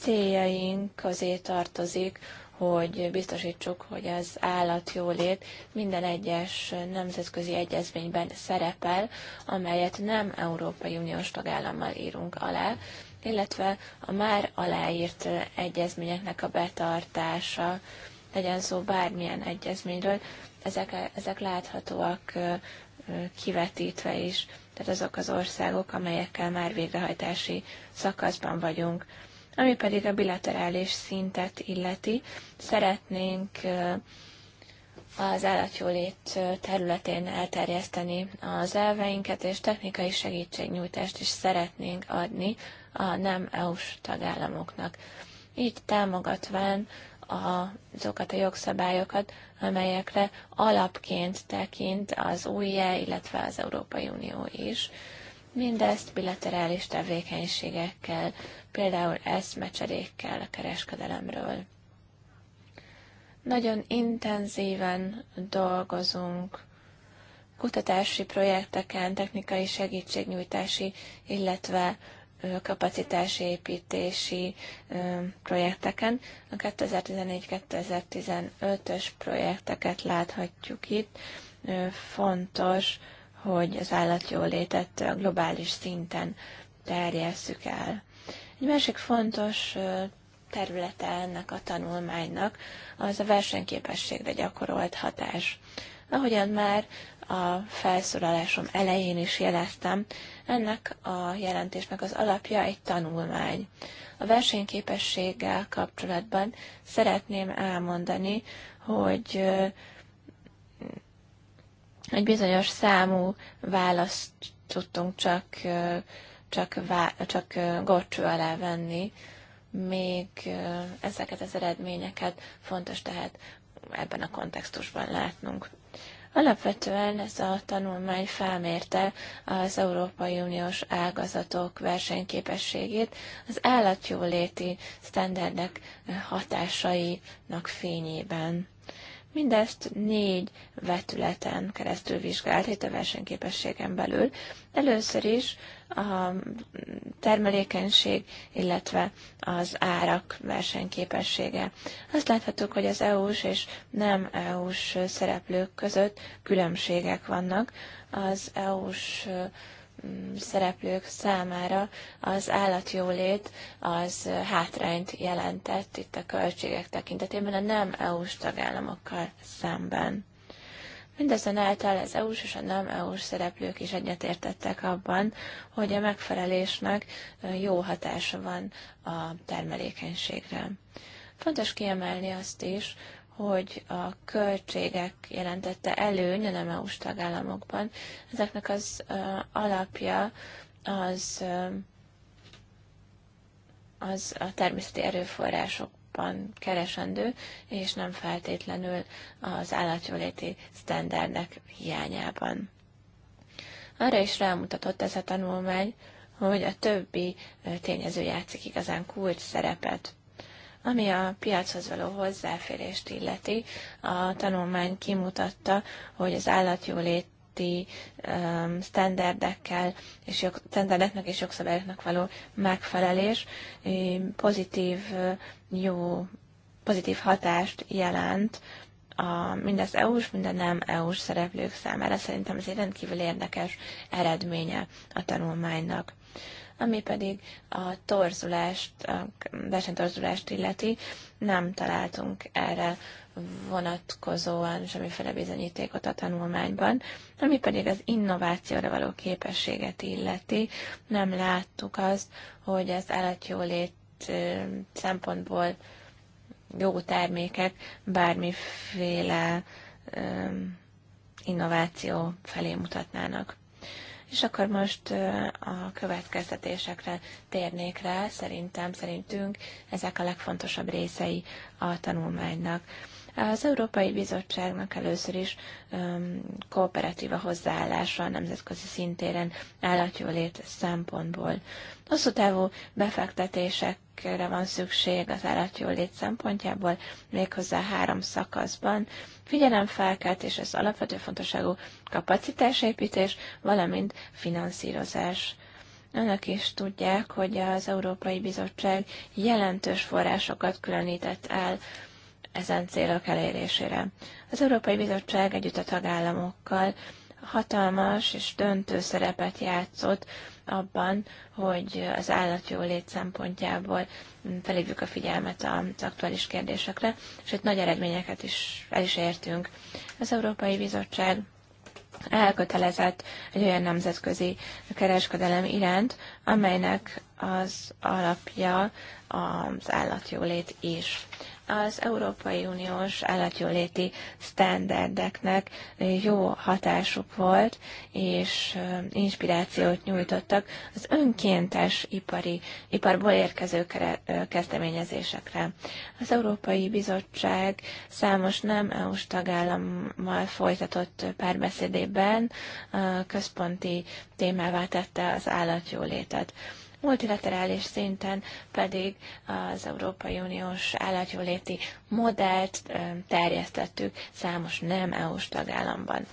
céljaink közé tartozik hogy biztosítsuk, hogy az állat jólét minden egyes nemzetközi egyezményben szerepel, amelyet nem Európai Uniós tagállammal írunk alá, illetve a már aláírt egyezményeknek a betartása, legyen szó bármilyen egyezményről, ezek, ezek láthatóak kivetítve is, tehát azok az országok, amelyekkel már végrehajtási szakaszban vagyunk. Ami pedig a bilaterális szintet illeti, szeretnénk az állatjólét területén elterjeszteni az elveinket, és technikai segítségnyújtást is szeretnénk adni a nem EU-s tagállamoknak. Így támogatván azokat a jogszabályokat, amelyekre alapként tekint az újjá, e, illetve az Európai Unió is mindezt bilaterális tevékenységekkel, például eszmecserékkel a kereskedelemről. Nagyon intenzíven dolgozunk kutatási projekteken, technikai segítségnyújtási, illetve kapacitásépítési projekteken. A 2014-2015-ös projekteket láthatjuk itt. Fontos hogy az állatjólétet globális szinten terjesszük el. Egy másik fontos területe ennek a tanulmánynak az a versenyképességre gyakorolt hatás. Ahogyan már a felszólalásom elején is jeleztem, ennek a jelentésnek az alapja egy tanulmány. A versenyképességgel kapcsolatban szeretném elmondani, hogy egy bizonyos számú választ tudtunk csak, csak, vá- csak gorcső alá venni, még ezeket az eredményeket fontos tehát ebben a kontextusban látnunk. Alapvetően ez a tanulmány felmérte az Európai Uniós ágazatok versenyképességét az állatjóléti sztenderdek hatásainak fényében. Mindezt négy vetületen keresztül vizsgált itt a versenyképességen belül. Először is a termelékenység, illetve az árak versenyképessége. Azt láthatjuk, hogy az EU-s és nem EU-s szereplők között különbségek vannak. Az EU-s szereplők számára az állatjólét az hátrányt jelentett itt a költségek tekintetében a nem EU-s tagállamokkal szemben. Mindazonáltal az EU-s és a nem EU-s szereplők is egyetértettek abban, hogy a megfelelésnek jó hatása van a termelékenységre. Fontos kiemelni azt is, hogy a költségek jelentette előny a nem EU-s tagállamokban. Ezeknek az alapja az, az a természeti erőforrások keresendő, és nem feltétlenül az állatjóléti sztenderdek hiányában. Arra is rámutatott ez a tanulmány, hogy a többi tényező játszik igazán kulcs szerepet. Ami a piachoz való hozzáférést illeti, a tanulmány kimutatta, hogy az állatjólét um, standardekkel és jog, sztenderdeknek és jogszabályoknak való megfelelés pozitív jó pozitív hatást jelent a, mind az EU-s, mind a nem EU-s szereplők számára. Szerintem ez egy rendkívül érdekes eredménye a tanulmánynak ami pedig a torzulást, a versenytorzulást illeti, nem találtunk erre vonatkozóan semmiféle bizonyítékot a tanulmányban, ami pedig az innovációra való képességet illeti. Nem láttuk azt, hogy az állatjólét szempontból jó termékek bármiféle innováció felé mutatnának. És akkor most a következtetésekre térnék rá, szerintem, szerintünk ezek a legfontosabb részei a tanulmánynak. Az Európai Bizottságnak először is um, kooperatív a hozzáállása a nemzetközi szintéren állatjólét szempontból. Hosszú távú befektetések lépésekre van szükség az állatjólét szempontjából, méghozzá három szakaszban. Figyelemfelkeltés, ez alapvető fontosságú kapacitásépítés, valamint finanszírozás. Önök is tudják, hogy az Európai Bizottság jelentős forrásokat különített el ezen célok elérésére. Az Európai Bizottság együtt a tagállamokkal hatalmas és döntő szerepet játszott abban, hogy az állatjólét szempontjából felhívjuk a figyelmet az aktuális kérdésekre, és itt nagy eredményeket is el is értünk. Az Európai Bizottság elkötelezett egy olyan nemzetközi kereskedelem iránt, amelynek az alapja az állatjólét is az Európai Uniós állatjóléti sztenderdeknek jó hatásuk volt, és inspirációt nyújtottak az önkéntes ipari, iparból érkező kezdeményezésekre. Az Európai Bizottság számos nem eu tagállammal folytatott párbeszédében központi témává tette az állatjólétet multilaterális szinten pedig az Európai Uniós állatjóléti modellt terjesztettük számos nem EU-s tagállamban.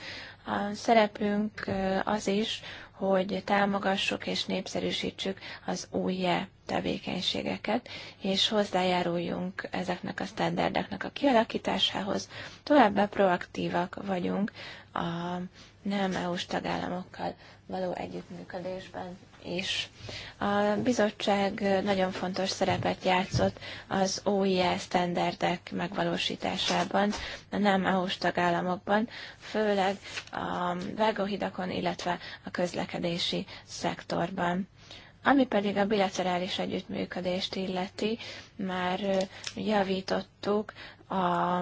A szerepünk az is, hogy támogassuk és népszerűsítsük az új e tevékenységeket, és hozzájáruljunk ezeknek a standardeknek a kialakításához. Továbbá proaktívak vagyunk a nem EU-s tagállamokkal való együttműködésben is. A bizottság nagyon fontos szerepet játszott az OIE standardek megvalósításában, a nem EU-s tagállamokban, főleg a vágóhidakon, illetve a közlekedési szektorban. Ami pedig a bilaterális együttműködést illeti, már javítottuk a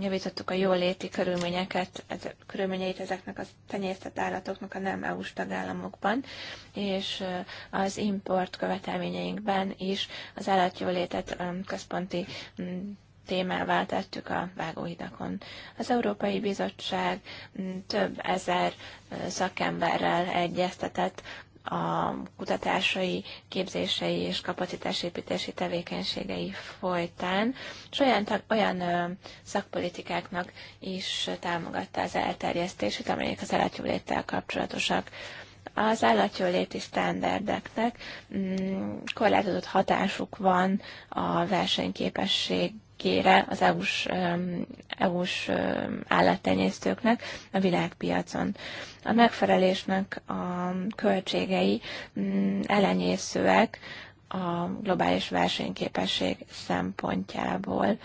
javítottuk a jóléti körülményeket, ez, körülményeit ezeknek a tenyésztett állatoknak a nem EU-s tagállamokban, és az import követelményeinkben is az állatjólétet központi témává tettük a vágóhidakon. Az Európai Bizottság több ezer szakemberrel egyeztetett a kutatásai, képzései és kapacitásépítési tevékenységei folytán, és olyan, olyan szakpolitikáknak is támogatta az elterjesztését, amelyek az állatjóléttel kapcsolatosak. Az állatjóléti standardeknek mm, korlátozott hatásuk van a versenyképesség kére az EU-s, EU-s állattenyésztőknek a világpiacon. A megfelelésnek a költségei mm, elenyészőek a globális versenyképesség szempontjából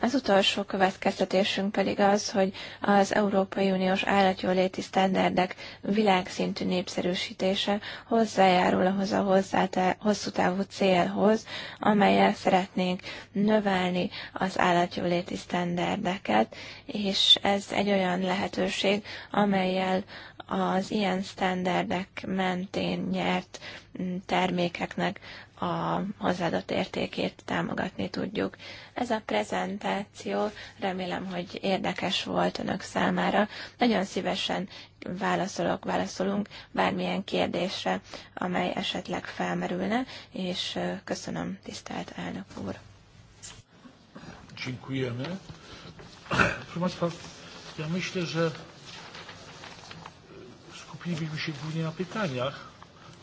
az utolsó következtetésünk pedig az, hogy az Európai Uniós állatjóléti sztenderdek világszintű népszerűsítése hozzájárul ahhoz a hosszú távú célhoz, amelyel szeretnénk növelni az állatjóléti sztenderdeket, és ez egy olyan lehetőség, amelyel az ilyen sztenderdek mentén nyert termékeknek a hozzáadott értékét támogatni tudjuk. Ez a prezentáció remélem, hogy érdekes volt önök számára. Nagyon szívesen válaszolok, válaszolunk bármilyen kérdésre, amely esetleg felmerülne, és köszönöm, tisztelt elnök úr. Dziękujemy. Proszę Państwa, ja myślę, że skupilibyśmy się głównie na pytaniach.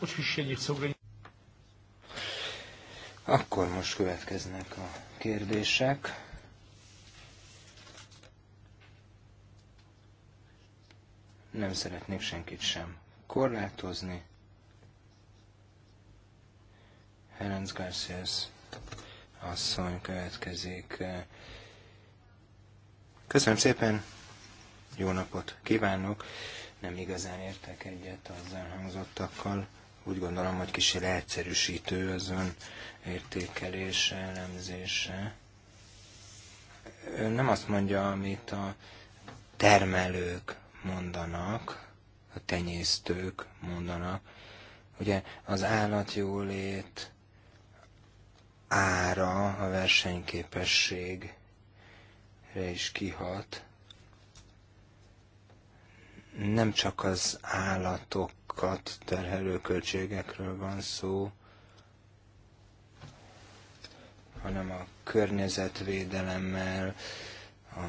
Oczywiście nie chcę ograniczyć. Akkor most következnek a kérdések. Nem szeretnék senkit sem korlátozni. Helenz Garcias asszony következik. Köszönöm szépen, jó napot kívánok! Nem igazán értek egyet az elhangzottakkal. Úgy gondolom, hogy kicsi leegyszerűsítő az ön értékelése, elemzése. Ön nem azt mondja, amit a termelők mondanak, a tenyésztők mondanak. Ugye az állatjólét ára a versenyképességre is kihat. Nem csak az állatok sokat terhelő költségekről van szó, hanem a környezetvédelemmel, a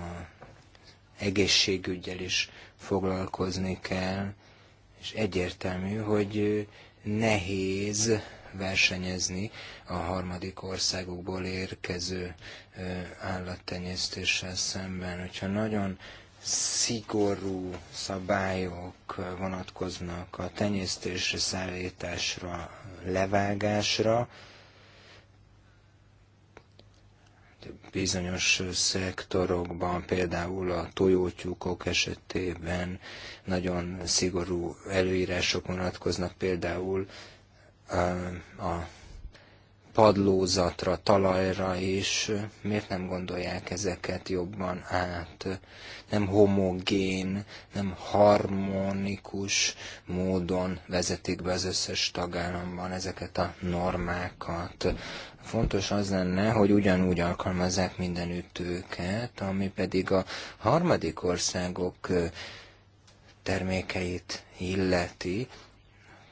egészségügyel is foglalkozni kell, és egyértelmű, hogy nehéz versenyezni a harmadik országokból érkező állattenyésztéssel szemben. Hogyha nagyon szigorú szabályok vonatkoznak a tenyésztésre, szállításra, levágásra, bizonyos szektorokban, például a tojótyúkok esetében nagyon szigorú előírások vonatkoznak, például a padlózatra, talajra is, miért nem gondolják ezeket jobban át? Nem homogén, nem harmonikus módon vezetik be az összes tagállamban ezeket a normákat. Fontos az lenne, hogy ugyanúgy alkalmazzák mindenütt őket, ami pedig a harmadik országok termékeit illeti,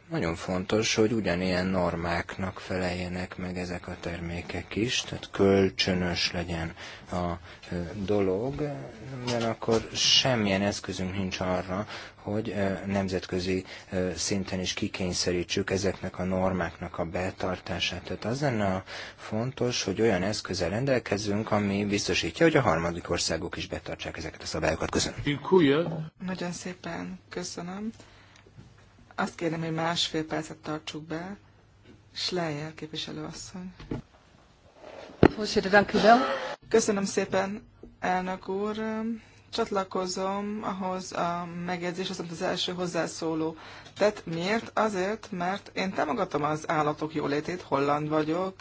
nagyon fontos, hogy ugyanilyen normáknak feleljenek meg ezek a termékek is, tehát kölcsönös legyen a dolog, ugyanakkor semmilyen eszközünk nincs arra, hogy nemzetközi szinten is kikényszerítsük ezeknek a normáknak a betartását. Tehát az lenne a fontos, hogy olyan eszközzel rendelkezünk, ami biztosítja, hogy a harmadik országok is betartsák ezeket a szabályokat. Köszönöm. Nagyon szépen köszönöm. Azt kérem, hogy másfél percet tartsuk be. Schleyer asszony. Köszönöm szépen, elnök úr. Csatlakozom ahhoz a megjegyzés, amit az első hozzászóló Tehát Miért? Azért, mert én támogatom az állatok jólétét, holland vagyok,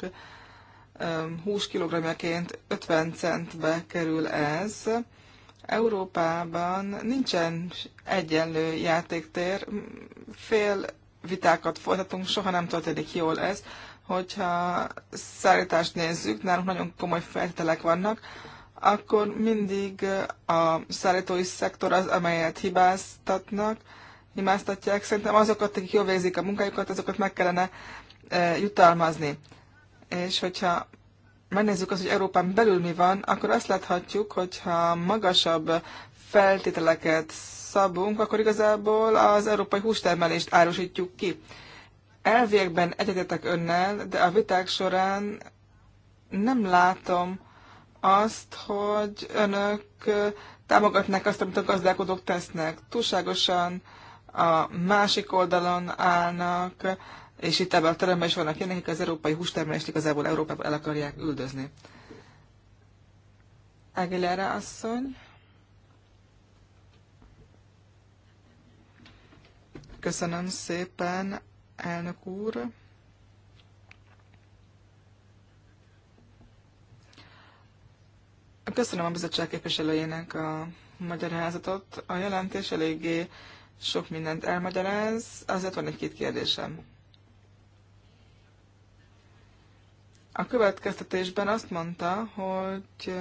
20 kilogramjaként 50 centbe kerül ez, Európában nincsen egyenlő játéktér, fél vitákat folytatunk, soha nem történik jól ez. Hogyha szállítást nézzük, nálunk nagyon komoly feltételek vannak, akkor mindig a szállítói szektor az, amelyet hibáztatnak, hibáztatják. Szerintem azokat, akik jól végzik a munkájukat, azokat meg kellene eh, jutalmazni. És hogyha megnézzük azt, hogy Európán belül mi van, akkor azt láthatjuk, hogyha magasabb feltételeket szabunk, akkor igazából az európai hústermelést árusítjuk ki. Elvégben egyetetek önnel, de a viták során nem látom azt, hogy önök támogatnák azt, amit a gazdálkodók tesznek. Túlságosan a másik oldalon állnak, és itt ebben a teremben is vannak ilyenek, az európai hústermelést igazából Európába el akarják üldözni. Aguilera asszony. Köszönöm szépen, elnök úr. Köszönöm a bizottság képviselőjének a magyarázatot. A jelentés eléggé sok mindent elmagyaráz, azért van egy-két kérdésem. a következtetésben azt mondta, hogy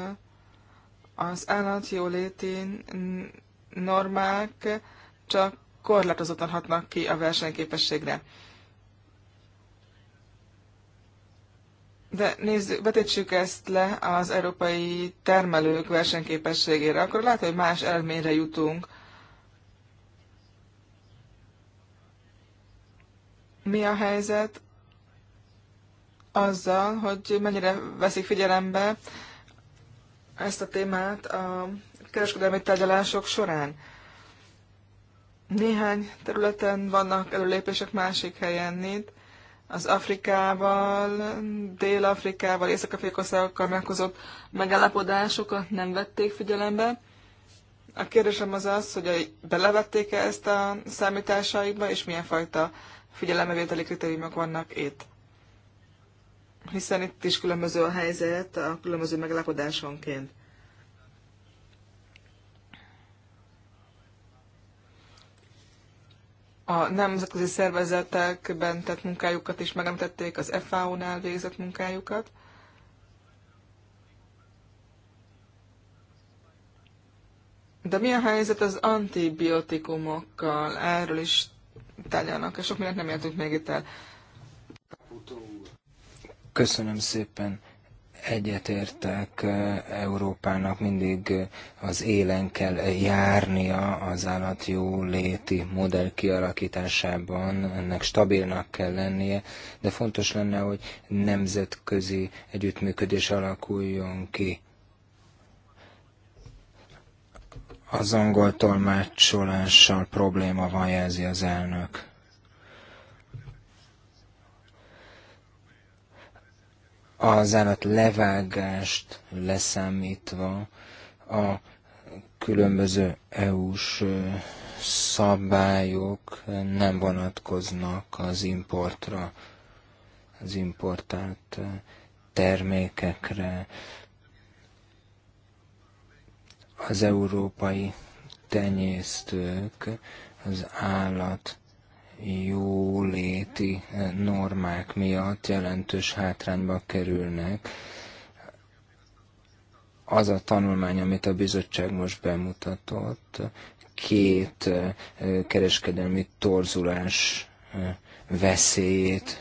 az állatjóléti normák csak korlátozottan hatnak ki a versenyképességre. De nézzük, vetítsük ezt le az európai termelők versenyképességére, akkor lehet, hogy más elmére jutunk. Mi a helyzet azzal, hogy mennyire veszik figyelembe ezt a témát a kereskedelmi tárgyalások során. Néhány területen vannak előlépések, másik helyen mint Az Afrikával, Dél-Afrikával, észak afrikaországokkal meghozott megállapodásokat nem vették figyelembe. A kérdésem az az, hogy belevették-e ezt a számításaikba, és milyen fajta figyelembevételi kritériumok vannak itt hiszen itt is különböző a helyzet a különböző megállapodásonként. A nemzetközi szervezetekben tett munkájukat is megemtették, az FAO-nál végzett munkájukat. De mi a helyzet az antibiotikumokkal? Erről is tárgyalnak, és sok mindent nem értünk még itt el. úr. Köszönöm szépen. Egyetértek, eh, Európának mindig eh, az élen kell járnia az állatjóléti modell kialakításában, ennek stabilnak kell lennie, de fontos lenne, hogy nemzetközi együttműködés alakuljon ki. Az angol tolmácsolással probléma van, jelzi az elnök. az állat levágást leszámítva a különböző EU-s szabályok nem vonatkoznak az importra, az importált termékekre. Az európai tenyésztők az állat jóléti eh, normák miatt jelentős hátrányba kerülnek. Az a tanulmány, amit a bizottság most bemutatott, két eh, kereskedelmi torzulás eh, veszélyét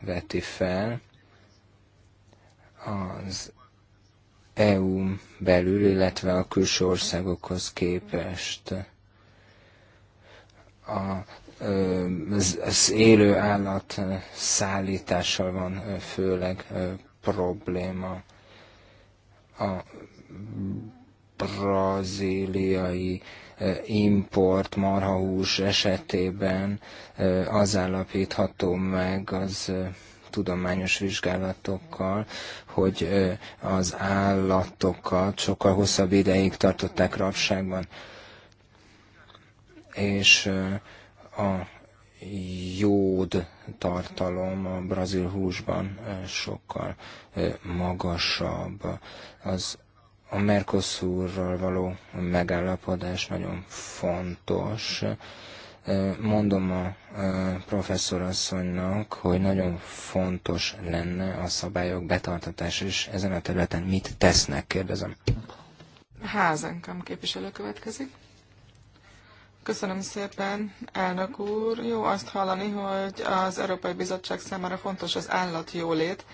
veti fel. Az eu belül, illetve a külső országokhoz képest a az élő állat szállítással van főleg probléma. A braziliai import marhahús esetében az állapítható meg az tudományos vizsgálatokkal, hogy az állatokat sokkal hosszabb ideig tartották rabságban. És a jód tartalom a brazil húsban eh, sokkal eh, magasabb. Az a Mercosurral való megállapodás nagyon fontos. Eh, mondom a professzorasszonynak, hogy nagyon fontos lenne a szabályok betartatása, és ezen a területen mit tesznek, kérdezem. Házenkám képviselő következik. Köszönöm szépen, elnök úr. Jó azt hallani, hogy az Európai Bizottság számára fontos az állatjólét,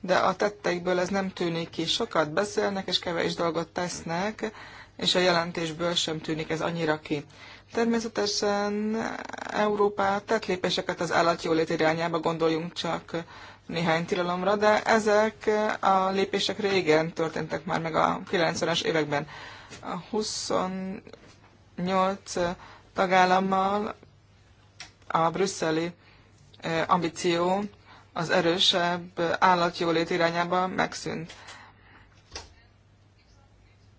de a tetteikből ez nem tűnik ki. Sokat beszélnek és kevés dolgot tesznek, és a jelentésből sem tűnik ez annyira ki. Természetesen Európa tett lépéseket az állatjólét irányába, gondoljunk csak néhány tilalomra, de ezek a lépések régen történtek már meg a 90-es években. A 28 tagállammal a brüsszeli ambíció az erősebb állatjólét irányába megszűnt.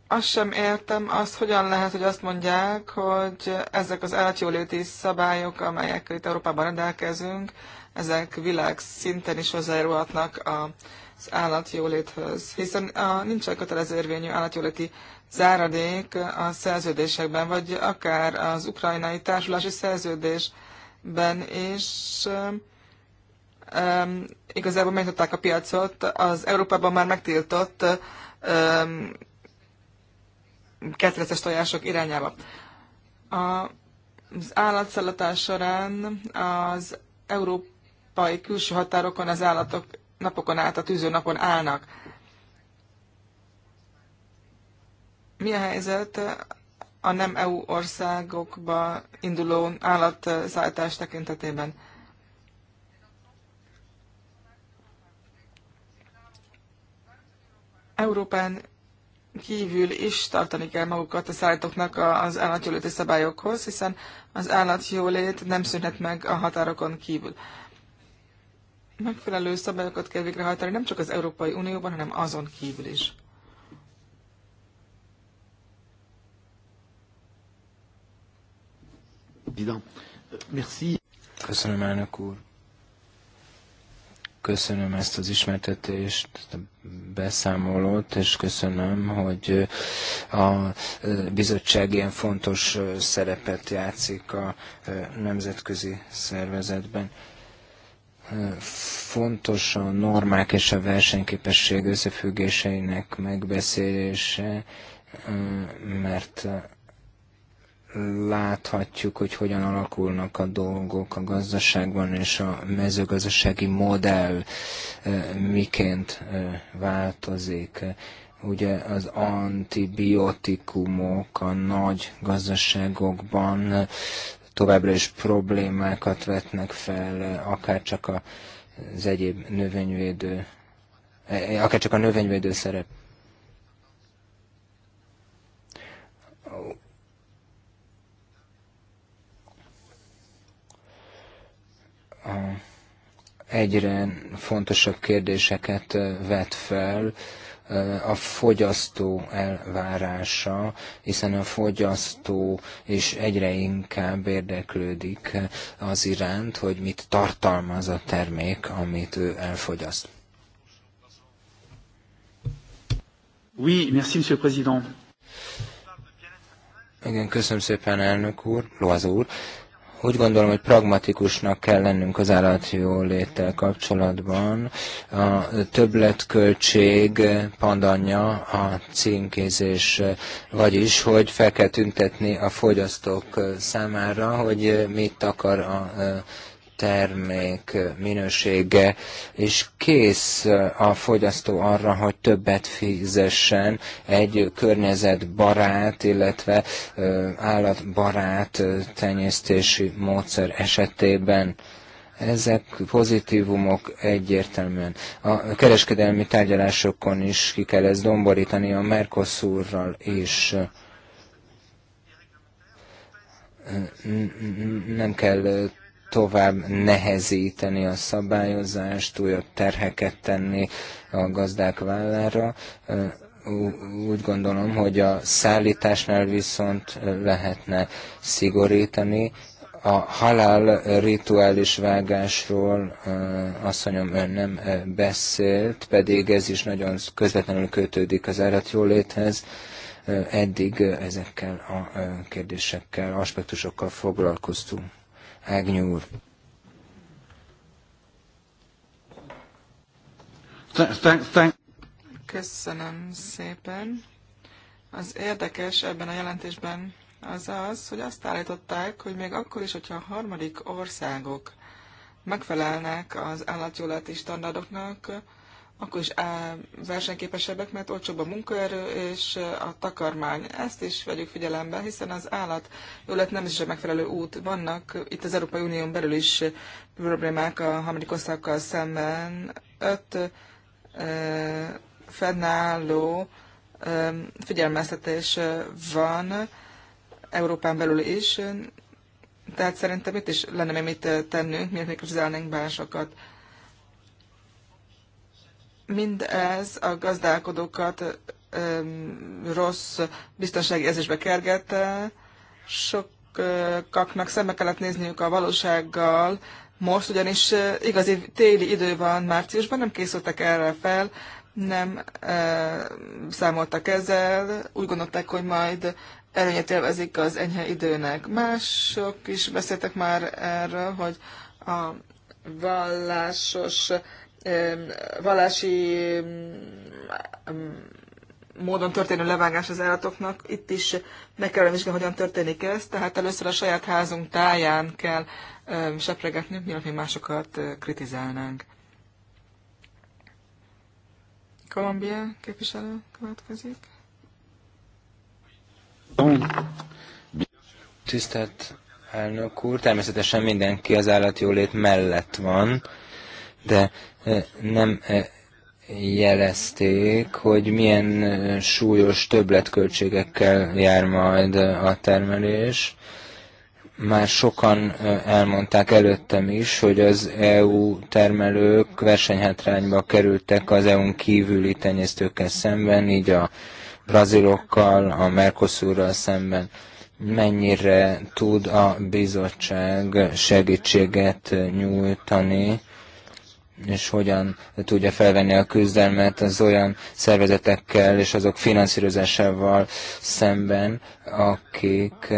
Azt sem értem, azt hogyan lehet, hogy azt mondják, hogy ezek az állatjóléti szabályok, amelyekkel itt Európában rendelkezünk, ezek világszinten is hozzájárulhatnak a az állatjóléthöz, hiszen a, nincsen kötelező érvényű állatjóléti záradék a szerződésekben, vagy akár az ukrajnai társulási szerződésben, és um, igazából megnyitották a piacot az Európában már megtiltott um, kettőleces tojások irányába. A, az állatszállatás során az európai külső határokon az állatok napokon át a tűző napon állnak. Mi a helyzet a nem EU országokba induló állatszállítás tekintetében? Európán kívül is tartani kell magukat a szállítóknak az állatjóléti szabályokhoz, hiszen az állatjólét nem szűnhet meg a határokon kívül megfelelő szabályokat kell végrehajtani nem csak az Európai Unióban, hanem azon kívül is. Merci. Köszönöm, elnök úr. Köszönöm ezt az ismertetést, a beszámolót, és köszönöm, hogy a bizottság ilyen fontos szerepet játszik a nemzetközi szervezetben fontos a normák és a versenyképesség összefüggéseinek megbeszélése, mert láthatjuk, hogy hogyan alakulnak a dolgok a gazdaságban, és a mezőgazdasági modell miként változik. Ugye az antibiotikumok a nagy gazdaságokban továbbra is problémákat vetnek fel, akár csak az egyéb növényvédő, eh, akár csak a növényvédő szerep. egyre fontosabb kérdéseket eh, vet fel, a fogyasztó elvárása, hiszen a fogyasztó is egyre inkább érdeklődik az iránt, hogy mit tartalmaz a termék, amit ő elfogyaszt. Oui, merci, monsieur le président. Igen, köszönöm szépen, elnök úr, Loaz úr. Úgy gondolom, hogy pragmatikusnak kell lennünk az állati jóléttel kapcsolatban. A többletköltség pandanya a címkézés, vagyis, hogy fel kell tüntetni a fogyasztók számára, hogy mit akar a termék minősége, és kész a fogyasztó arra, hogy többet fizessen egy környezetbarát, illetve állatbarát tenyésztési módszer esetében ezek pozitívumok egyértelműen. A kereskedelmi tárgyalásokon is ki kell ezt domborítani a Mercosurral és nem kell tovább nehezíteni a szabályozást, újabb terheket tenni a gazdák vállára. Úgy gondolom, hogy a szállításnál viszont lehetne szigorítani, a halál rituális vágásról asszonyom ön nem beszélt, pedig ez is nagyon közvetlenül kötődik az állatjóléthez. Eddig ezekkel a kérdésekkel, aspektusokkal foglalkoztunk. Ágnyú úr. Köszönöm szépen. Az érdekes ebben a jelentésben az az, hogy azt állították, hogy még akkor is, hogyha a harmadik országok megfelelnek az állatjóláti standardoknak, akkor is versenyképesebbek, mert olcsóbb a munkaerő és a takarmány. Ezt is vegyük figyelembe, hiszen az állat jólét nem is a megfelelő út. Vannak itt az Európai Unión belül is problémák a harmadik országokkal szemben. Öt e, fennálló figyelmeztetés van Európán belül is, tehát szerintem itt is lenne még mit tennünk, miért még közelnénk másokat. Mindez a gazdálkodókat rossz biztonsági érzésbe kergette, sokaknak szembe kellett nézniük a valósággal, most ugyanis igazi téli idő van márciusban, nem készültek erre fel, nem számoltak ezzel, úgy gondolták, hogy majd előnyét élvezik az enyhe időnek. Mások is beszéltek már erről, hogy a vallásos vallási módon történő levágás az állatoknak, itt is meg kell vizsgálni, hogyan történik ez, tehát először a saját házunk táján kell sepregetnünk, mielőtt még másokat kritizálnánk. Kolumbia képviselő következik. Tisztelt elnök úr, természetesen mindenki az állatjólét mellett van, de nem jelezték, hogy milyen súlyos többletköltségekkel jár majd a termelés. Már sokan elmondták előttem is, hogy az EU termelők versenyhátrányba kerültek az EU-n kívüli tenyésztőkkel szemben, így a brazilokkal, a Mercosurral szemben mennyire tud a bizottság segítséget nyújtani és hogyan tudja felvenni a küzdelmet az olyan szervezetekkel és azok finanszírozásával szemben, akik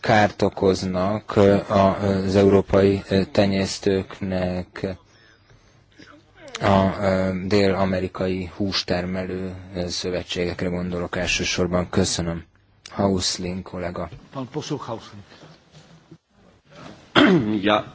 kárt okoznak az európai tenyésztőknek a dél-amerikai hústermelő szövetségekre gondolok elsősorban. Köszönöm. Hauslin kollega. Pan poseł Hausling. Ja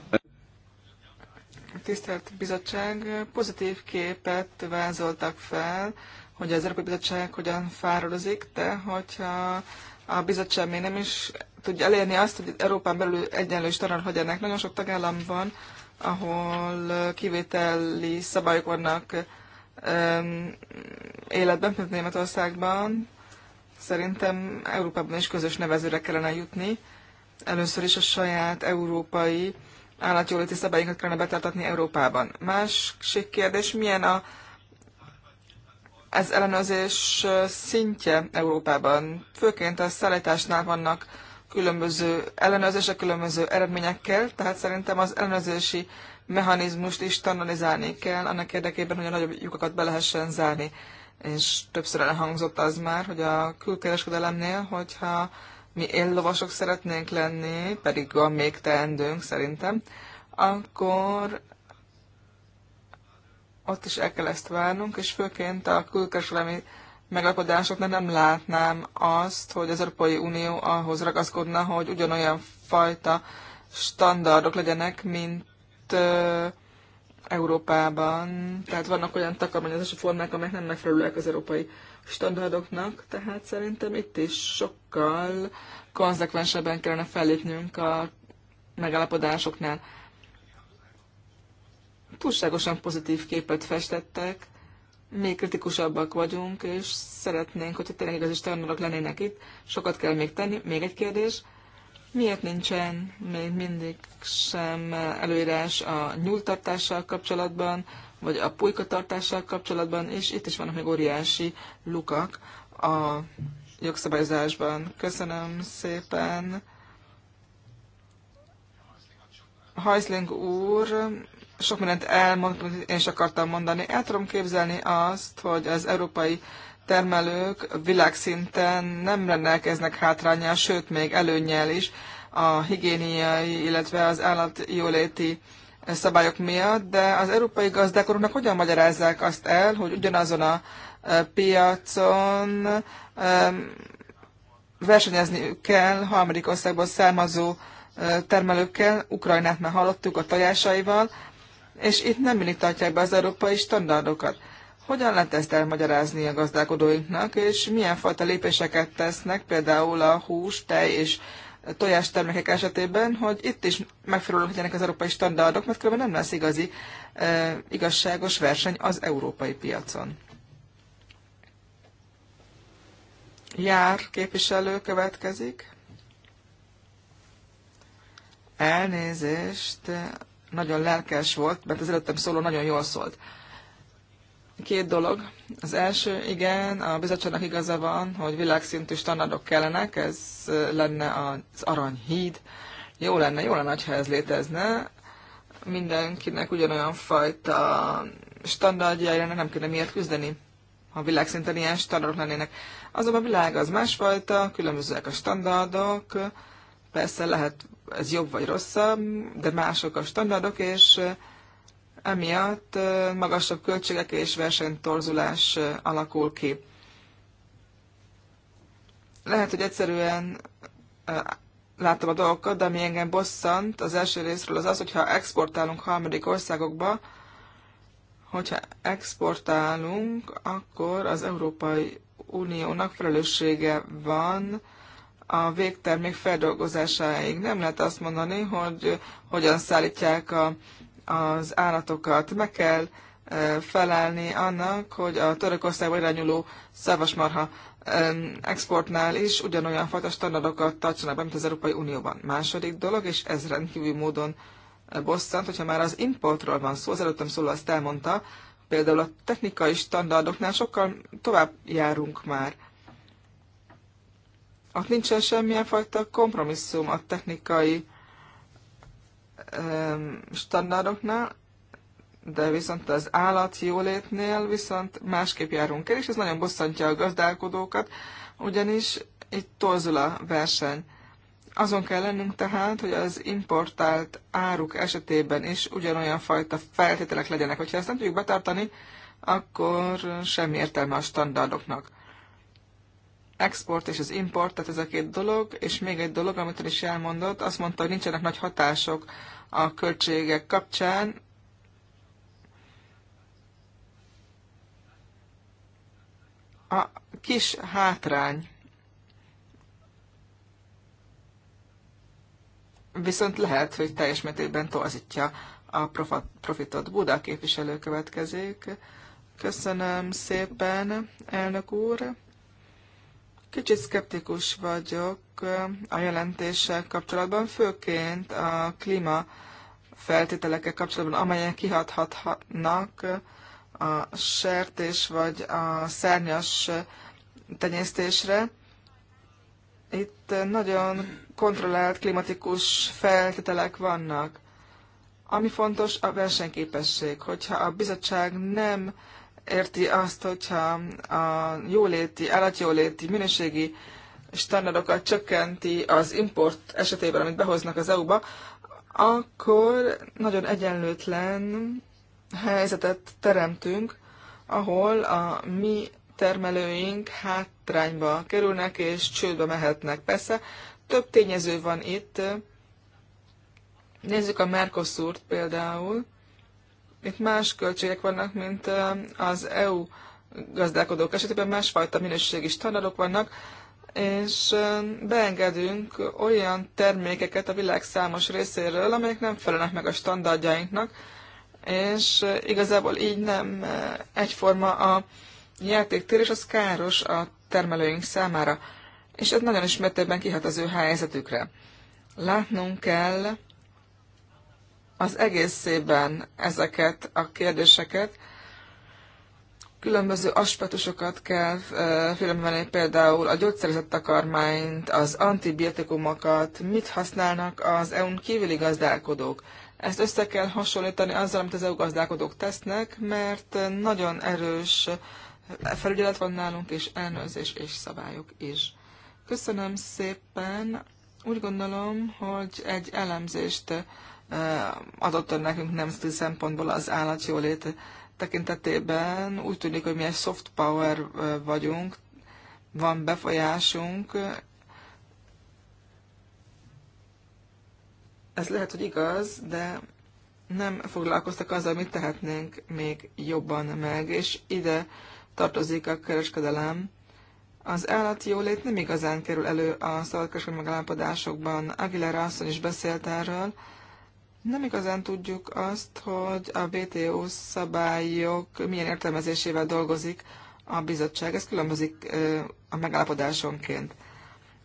tisztelt bizottság, pozitív képet vázoltak fel, hogy az Európai Bizottság hogyan fáradozik, de hogyha a bizottság még nem is tudja elérni azt, hogy Európán belül egyenlő standard ennek Nagyon sok tagállam van, ahol kivételi szabályok vannak um, életben, például Németországban. Szerintem Európában is közös nevezőre kellene jutni. Először is a saját európai állatjóléti szabályokat kellene betartatni Európában. Másik kérdés, milyen a, az ellenőrzés szintje Európában? Főként a szállításnál vannak különböző ellenőrzések, különböző eredményekkel, tehát szerintem az ellenőrzési mechanizmust is standardizálni kell, annak érdekében, hogy a nagyobb lyukakat be lehessen zárni. És többször elhangzott az már, hogy a külkereskedelemnél, hogyha mi éllovasok szeretnénk lenni, pedig van még teendőnk szerintem, akkor ott is el kell ezt várnunk, és főként a külkereskedelmi meglapodásoknál nem látnám azt, hogy az Európai Unió ahhoz ragaszkodna, hogy ugyanolyan fajta standardok legyenek, mint ö, Európában. Tehát vannak olyan takarmányozási formák, amelyek nem megfelelőek az európai standardoknak, tehát szerintem itt is sokkal konzekvensebben kellene fellépnünk a megállapodásoknál. Túlságosan pozitív képet festettek, még kritikusabbak vagyunk, és szeretnénk, hogyha tényleg igazi standardok lennének itt. Sokat kell még tenni. Még egy kérdés. Miért nincsen még mindig sem előírás a nyúltartással kapcsolatban, vagy a pulykatartással kapcsolatban, és itt is vannak még óriási lukak a jogszabályozásban. Köszönöm szépen. Hajszling úr, sok mindent elmondtam, én is akartam mondani. El tudom képzelni azt, hogy az európai termelők világszinten nem rendelkeznek hátrányjal, sőt még előnyel is a higiéniai, illetve az állatjóléti szabályok miatt, de az európai gazdálkodóknak hogyan magyarázzák azt el, hogy ugyanazon a piacon versenyezni kell harmadik országból származó termelőkkel, Ukrajnát már hallottuk a tojásaival, és itt nem mindig tartják be az európai standardokat. Hogyan lehet ezt elmagyarázni a gazdálkodóinknak, és milyen fajta lépéseket tesznek, például a hús, tej és tojástermékek esetében, hogy itt is megfelelőek legyenek az európai standardok, mert különben nem lesz igazi e, igazságos verseny az európai piacon. Jár képviselő következik. Elnézést, nagyon lelkes volt, mert az előttem szóló nagyon jól szólt. Két dolog. Az első, igen, a bizottságnak igaza van, hogy világszintű standardok kellenek, ez lenne az aranyhíd. Jó lenne, jó lenne, ha ez létezne. Mindenkinek ugyanolyan fajta standardjai lenne nem kéne miért küzdeni, ha világszinten ilyen standardok lennének. Azonban a világ az másfajta, különbözőek a standardok, persze lehet ez jobb vagy rosszabb, de mások a standardok, és emiatt magasabb költségek és versenytorzulás alakul ki. Lehet, hogy egyszerűen látom a dolgokat, de ami engem bosszant az első részről az az, hogyha exportálunk harmadik országokba, hogyha exportálunk, akkor az Európai Uniónak felelőssége van a végtermék feldolgozásáig. Nem lehet azt mondani, hogy hogyan szállítják a az állatokat. Meg kell felelni annak, hogy a Törökországba irányuló szávasmarha exportnál is ugyanolyan fajta standardokat tartsanak be, mint az Európai Unióban. Második dolog, és ez rendkívül módon bosszant, hogyha már az importról van szó, az előttem szóló azt elmondta, például a technikai standardoknál sokkal tovább járunk már. Ott nincsen semmilyen fajta kompromisszum a technikai standardoknál, de viszont az állat jólétnél viszont másképp járunk el, és ez nagyon bosszantja a gazdálkodókat, ugyanis itt torzul a verseny. Azon kell lennünk tehát, hogy az importált áruk esetében is ugyanolyan fajta feltételek legyenek. Hogyha ezt nem tudjuk betartani, akkor semmi értelme a standardoknak. Export és az import, tehát ez a két dolog, és még egy dolog, amit is elmondott, azt mondta, hogy nincsenek nagy hatások a költségek kapcsán. A kis hátrány viszont lehet, hogy teljes mértékben torzítja a profitot. Buda képviselő következik. Köszönöm szépen, elnök úr. Kicsit szkeptikus vagyok a jelentéssel kapcsolatban, főként a klíma feltételekkel kapcsolatban, amelyek kihathatnak a sertés vagy a szárnyas tenyésztésre. Itt nagyon kontrollált klimatikus feltételek vannak. Ami fontos, a versenyképesség. Hogyha a bizottság nem érti azt, hogyha a jóléti, állatjóléti, minőségi standardokat csökkenti az import esetében, amit behoznak az EU-ba, akkor nagyon egyenlőtlen helyzetet teremtünk, ahol a mi termelőink hátrányba kerülnek és csődbe mehetnek. Persze több tényező van itt. Nézzük a Mercosur-t például. Itt más költségek vannak, mint az EU gazdálkodók esetében másfajta minőségi standardok vannak, és beengedünk olyan termékeket a világ számos részéről, amelyek nem felelnek meg a standardjainknak, és igazából így nem egyforma a játéktér, és az káros a termelőink számára. És ez nagyon is mértékben kihat az ő helyzetükre. Látnunk kell az egészében ezeket a kérdéseket, különböző aspektusokat kell figyelembe például a gyógyszerzett takarmányt, az antibiotikumokat, mit használnak az EU-n kívüli gazdálkodók. Ezt össze kell hasonlítani azzal, amit az EU gazdálkodók tesznek, mert nagyon erős felügyelet van nálunk, és elnőzés és szabályok is. Köszönöm szépen. Úgy gondolom, hogy egy elemzést adott nekünk nemzeti szempontból az állatjólét tekintetében úgy tűnik, hogy mi egy soft power vagyunk, van befolyásunk. Ez lehet, hogy igaz, de nem foglalkoztak azzal, amit tehetnénk még jobban meg, és ide tartozik a kereskedelem. Az állati jólét nem igazán kerül elő a szabadkereskedelmi megállapodásokban. Aguilera asszony is beszélt erről, nem igazán tudjuk azt, hogy a WTO szabályok milyen értelmezésével dolgozik a bizottság. Ez különbözik a megállapodásonként.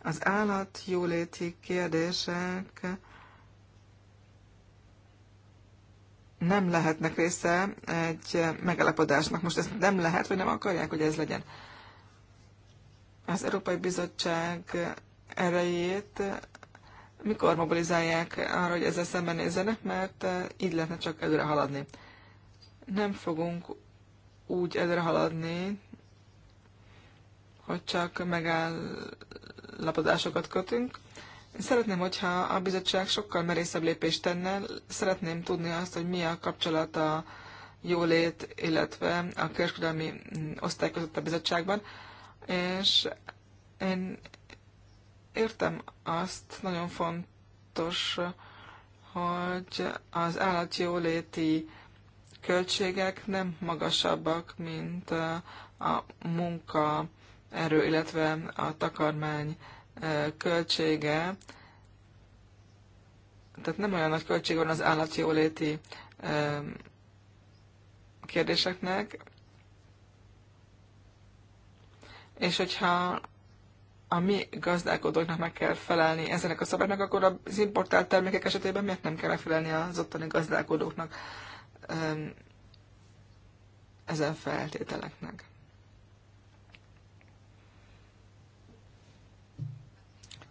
Az állat jóléti kérdések nem lehetnek része egy megállapodásnak. Most ezt nem lehet, vagy nem akarják, hogy ez legyen. Az Európai Bizottság erejét mikor mobilizálják arra, hogy ezzel szembenézzenek, mert eh, így lehetne csak előre haladni. Nem fogunk úgy előre haladni, hogy csak megállapodásokat kötünk. Szeretném, hogyha a bizottság sokkal merészebb lépést tenne, szeretném tudni azt, hogy mi a kapcsolat a jólét, illetve a kereskedelmi mm, osztály között a bizottságban, és én értem azt, nagyon fontos, hogy az állatjóléti költségek nem magasabbak, mint a erő, illetve a takarmány költsége. Tehát nem olyan nagy költség van az állatjóléti kérdéseknek. És hogyha a mi gazdálkodóknak meg kell felelni ezenek a szabályoknak, akkor az importált termékek esetében miért nem kell megfelelni az ottani gazdálkodóknak ezen feltételeknek?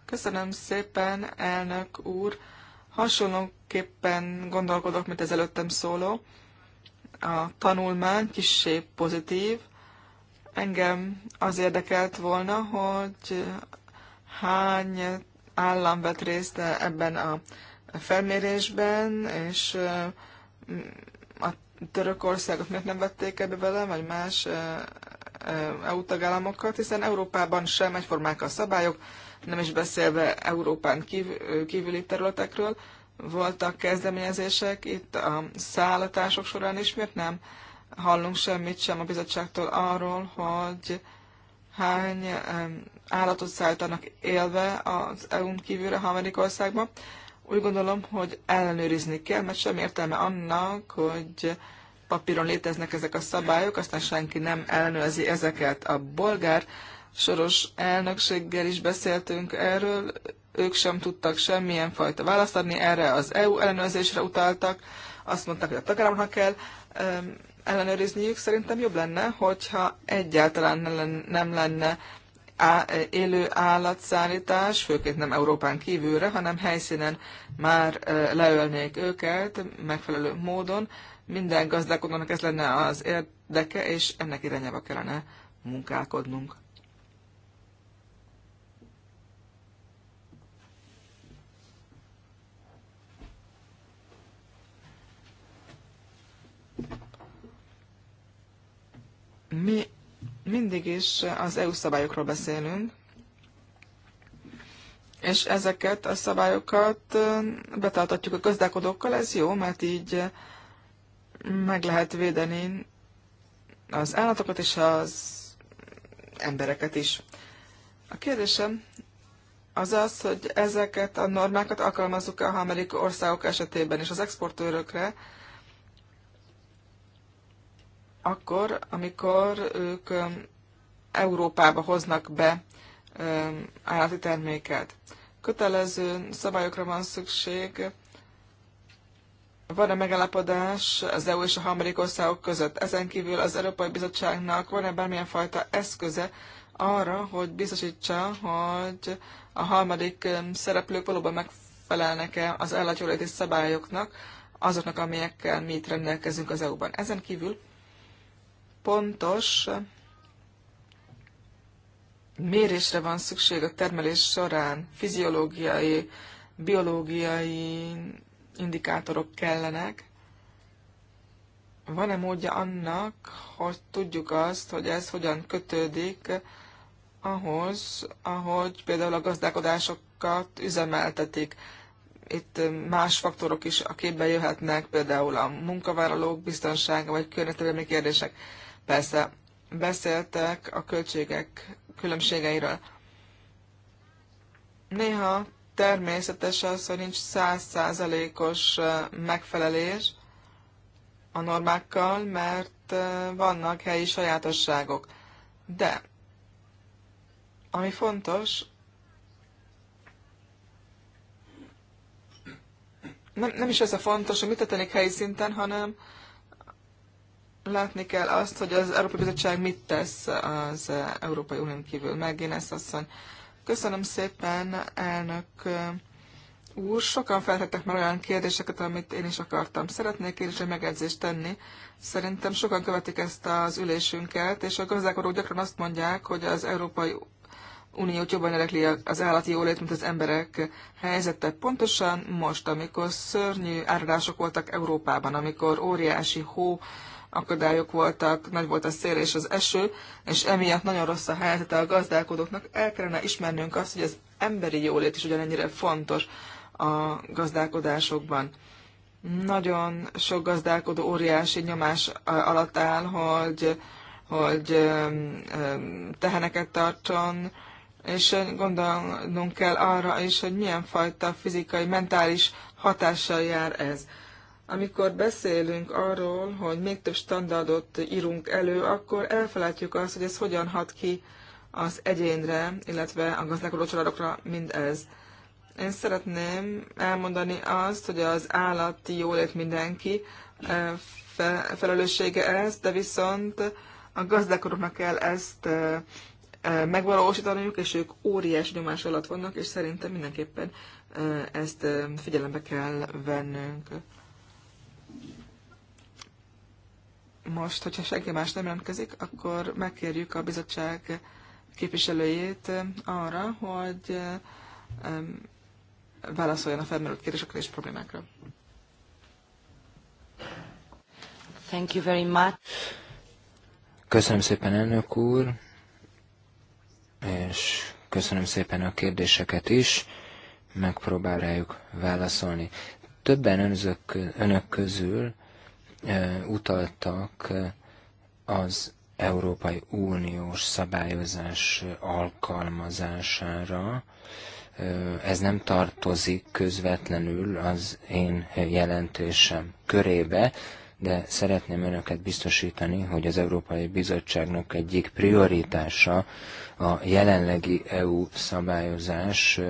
Köszönöm szépen, elnök úr. Hasonlóképpen gondolkodok, mint az előttem szóló. A tanulmány kissé pozitív, Engem az érdekelt volna, hogy hány állam vett részt ebben a felmérésben, és a Törökországot miért nem vették ebbe bele, vagy más EU tagállamokat, hiszen Európában sem egyformák a szabályok, nem is beszélve Európán kívüli területekről. Voltak kezdeményezések itt a szállatások során is, miért nem? hallunk semmit sem a bizottságtól arról, hogy hány állatot szállítanak élve az EU-n kívülre harmadik országba. Úgy gondolom, hogy ellenőrizni kell, mert sem értelme annak, hogy papíron léteznek ezek a szabályok, aztán senki nem ellenőrzi ezeket. A bolgár soros elnökséggel is beszéltünk erről, ők sem tudtak semmilyen fajta választ adni, erre az EU ellenőrzésre utaltak, azt mondták, hogy a tagállamnak kell ellenőrizniük. Szerintem jobb lenne, hogyha egyáltalán nem lenne élő állatszállítás, főként nem Európán kívülre, hanem helyszínen már leölnék őket megfelelő módon. Minden gazdálkodónak ez lenne az érdeke, és ennek irányába kellene munkálkodnunk. Mi mindig is az EU szabályokról beszélünk, és ezeket a szabályokat betartatjuk a gazdálkodókkal, ez jó, mert így meg lehet védeni az állatokat és az embereket is. A kérdésem az az, hogy ezeket a normákat alkalmazzuk a hamerik országok esetében is az exportőrökre, akkor, amikor ők Európába hoznak be állati terméket. Kötelező szabályokra van szükség, van-e megállapodás az EU és a harmadik országok között? Ezen kívül az Európai Bizottságnak van-e bármilyen fajta eszköze arra, hogy biztosítsa, hogy a harmadik szereplők valóban megfelelnek-e az állatjóléti szabályoknak, azoknak, amelyekkel mi itt rendelkezünk az EU-ban. Ezen kívül pontos mérésre van szükség a termelés során. Fiziológiai, biológiai indikátorok kellenek. Van-e módja annak, hogy tudjuk azt, hogy ez hogyan kötődik ahhoz, ahogy például a gazdálkodásokat üzemeltetik? Itt más faktorok is a képbe jöhetnek, például a munkavállalók biztonsága vagy környezetvédelmi kérdések Persze beszéltek a költségek különbségeiről. Néha természetes az, hogy nincs százszázalékos megfelelés a normákkal, mert vannak helyi sajátosságok. De ami fontos, nem, nem is ez a fontos, hogy mit történik helyi szinten, hanem látni kell azt, hogy az Európai Bizottság mit tesz az Európai Unión kívül. Megénesz asszony. Köszönöm szépen, elnök uh, úr. Sokan feltettek már olyan kérdéseket, amit én is akartam. Szeretnék én is egy megjegyzést tenni. Szerintem sokan követik ezt az ülésünket, és a gazdálkodók gyakran azt mondják, hogy az Európai Uniót jobban érdekli az állati jólét, mint az emberek helyzete. Pontosan most, amikor szörnyű áradások voltak Európában, amikor óriási hó akadályok voltak, nagy volt a szél és az eső, és emiatt nagyon rossz a helyzete a gazdálkodóknak. El kellene ismernünk azt, hogy az emberi jólét is ugyanennyire fontos a gazdálkodásokban. Nagyon sok gazdálkodó óriási nyomás alatt áll, hogy, hogy teheneket tartson, és gondolnunk kell arra is, hogy milyen fajta fizikai, mentális hatással jár ez. Amikor beszélünk arról, hogy még több standardot írunk elő, akkor elfelejtjük azt, hogy ez hogyan hat ki az egyénre, illetve a gazdálkodó családokra ez. Én szeretném elmondani azt, hogy az állati jólét mindenki eh, felelőssége ez, de viszont a gazdálkodóknak kell ezt eh, eh, megvalósítaniuk, és ők óriás nyomás alatt vannak, és szerintem mindenképpen ezt figyelembe kell vennünk. most, hogyha senki más nem jelentkezik, akkor megkérjük a bizottság képviselőjét arra, hogy válaszoljon a felmerült kérdésekre és problémákra. Thank you very much. Köszönöm szépen, elnök úr, és köszönöm szépen a kérdéseket is. Megpróbáljuk válaszolni. Többen önök, önök közül utaltak az Európai Uniós szabályozás alkalmazására. Ez nem tartozik közvetlenül az én jelentésem körébe, de szeretném önöket biztosítani, hogy az Európai Bizottságnak egyik prioritása a jelenlegi EU szabályozás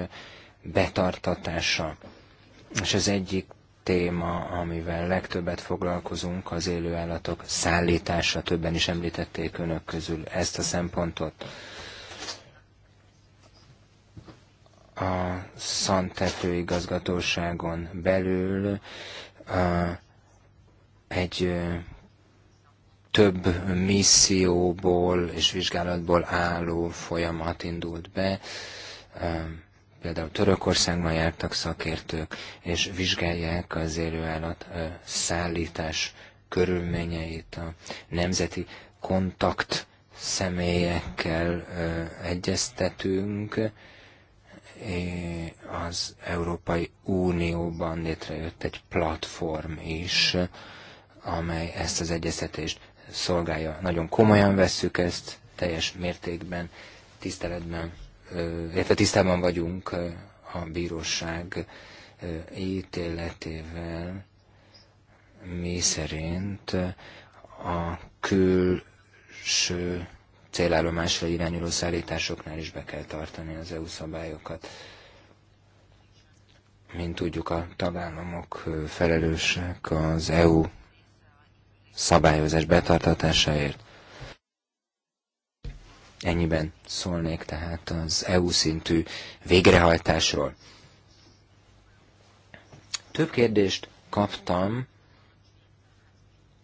betartatása. És az egyik téma, amivel legtöbbet foglalkozunk, az élőállatok szállítása. Többen is említették önök közül ezt a szempontot. A Szantető igazgatóságon belül egy több misszióból és vizsgálatból álló folyamat indult be például Törökországban jártak szakértők, és vizsgálják az élőállat szállítás körülményeit, a nemzeti kontakt személyekkel egyeztetünk, az Európai Unióban létrejött egy platform is, amely ezt az egyeztetést szolgálja. Nagyon komolyan vesszük ezt, teljes mértékben, tiszteletben illetve tisztában vagyunk a bíróság ítéletével, mi szerint a külső célállomásra irányuló szállításoknál is be kell tartani az EU szabályokat. Mint tudjuk, a tagállamok felelősek az EU szabályozás betartatásáért. Ennyiben szólnék tehát az EU szintű végrehajtásról. Több kérdést kaptam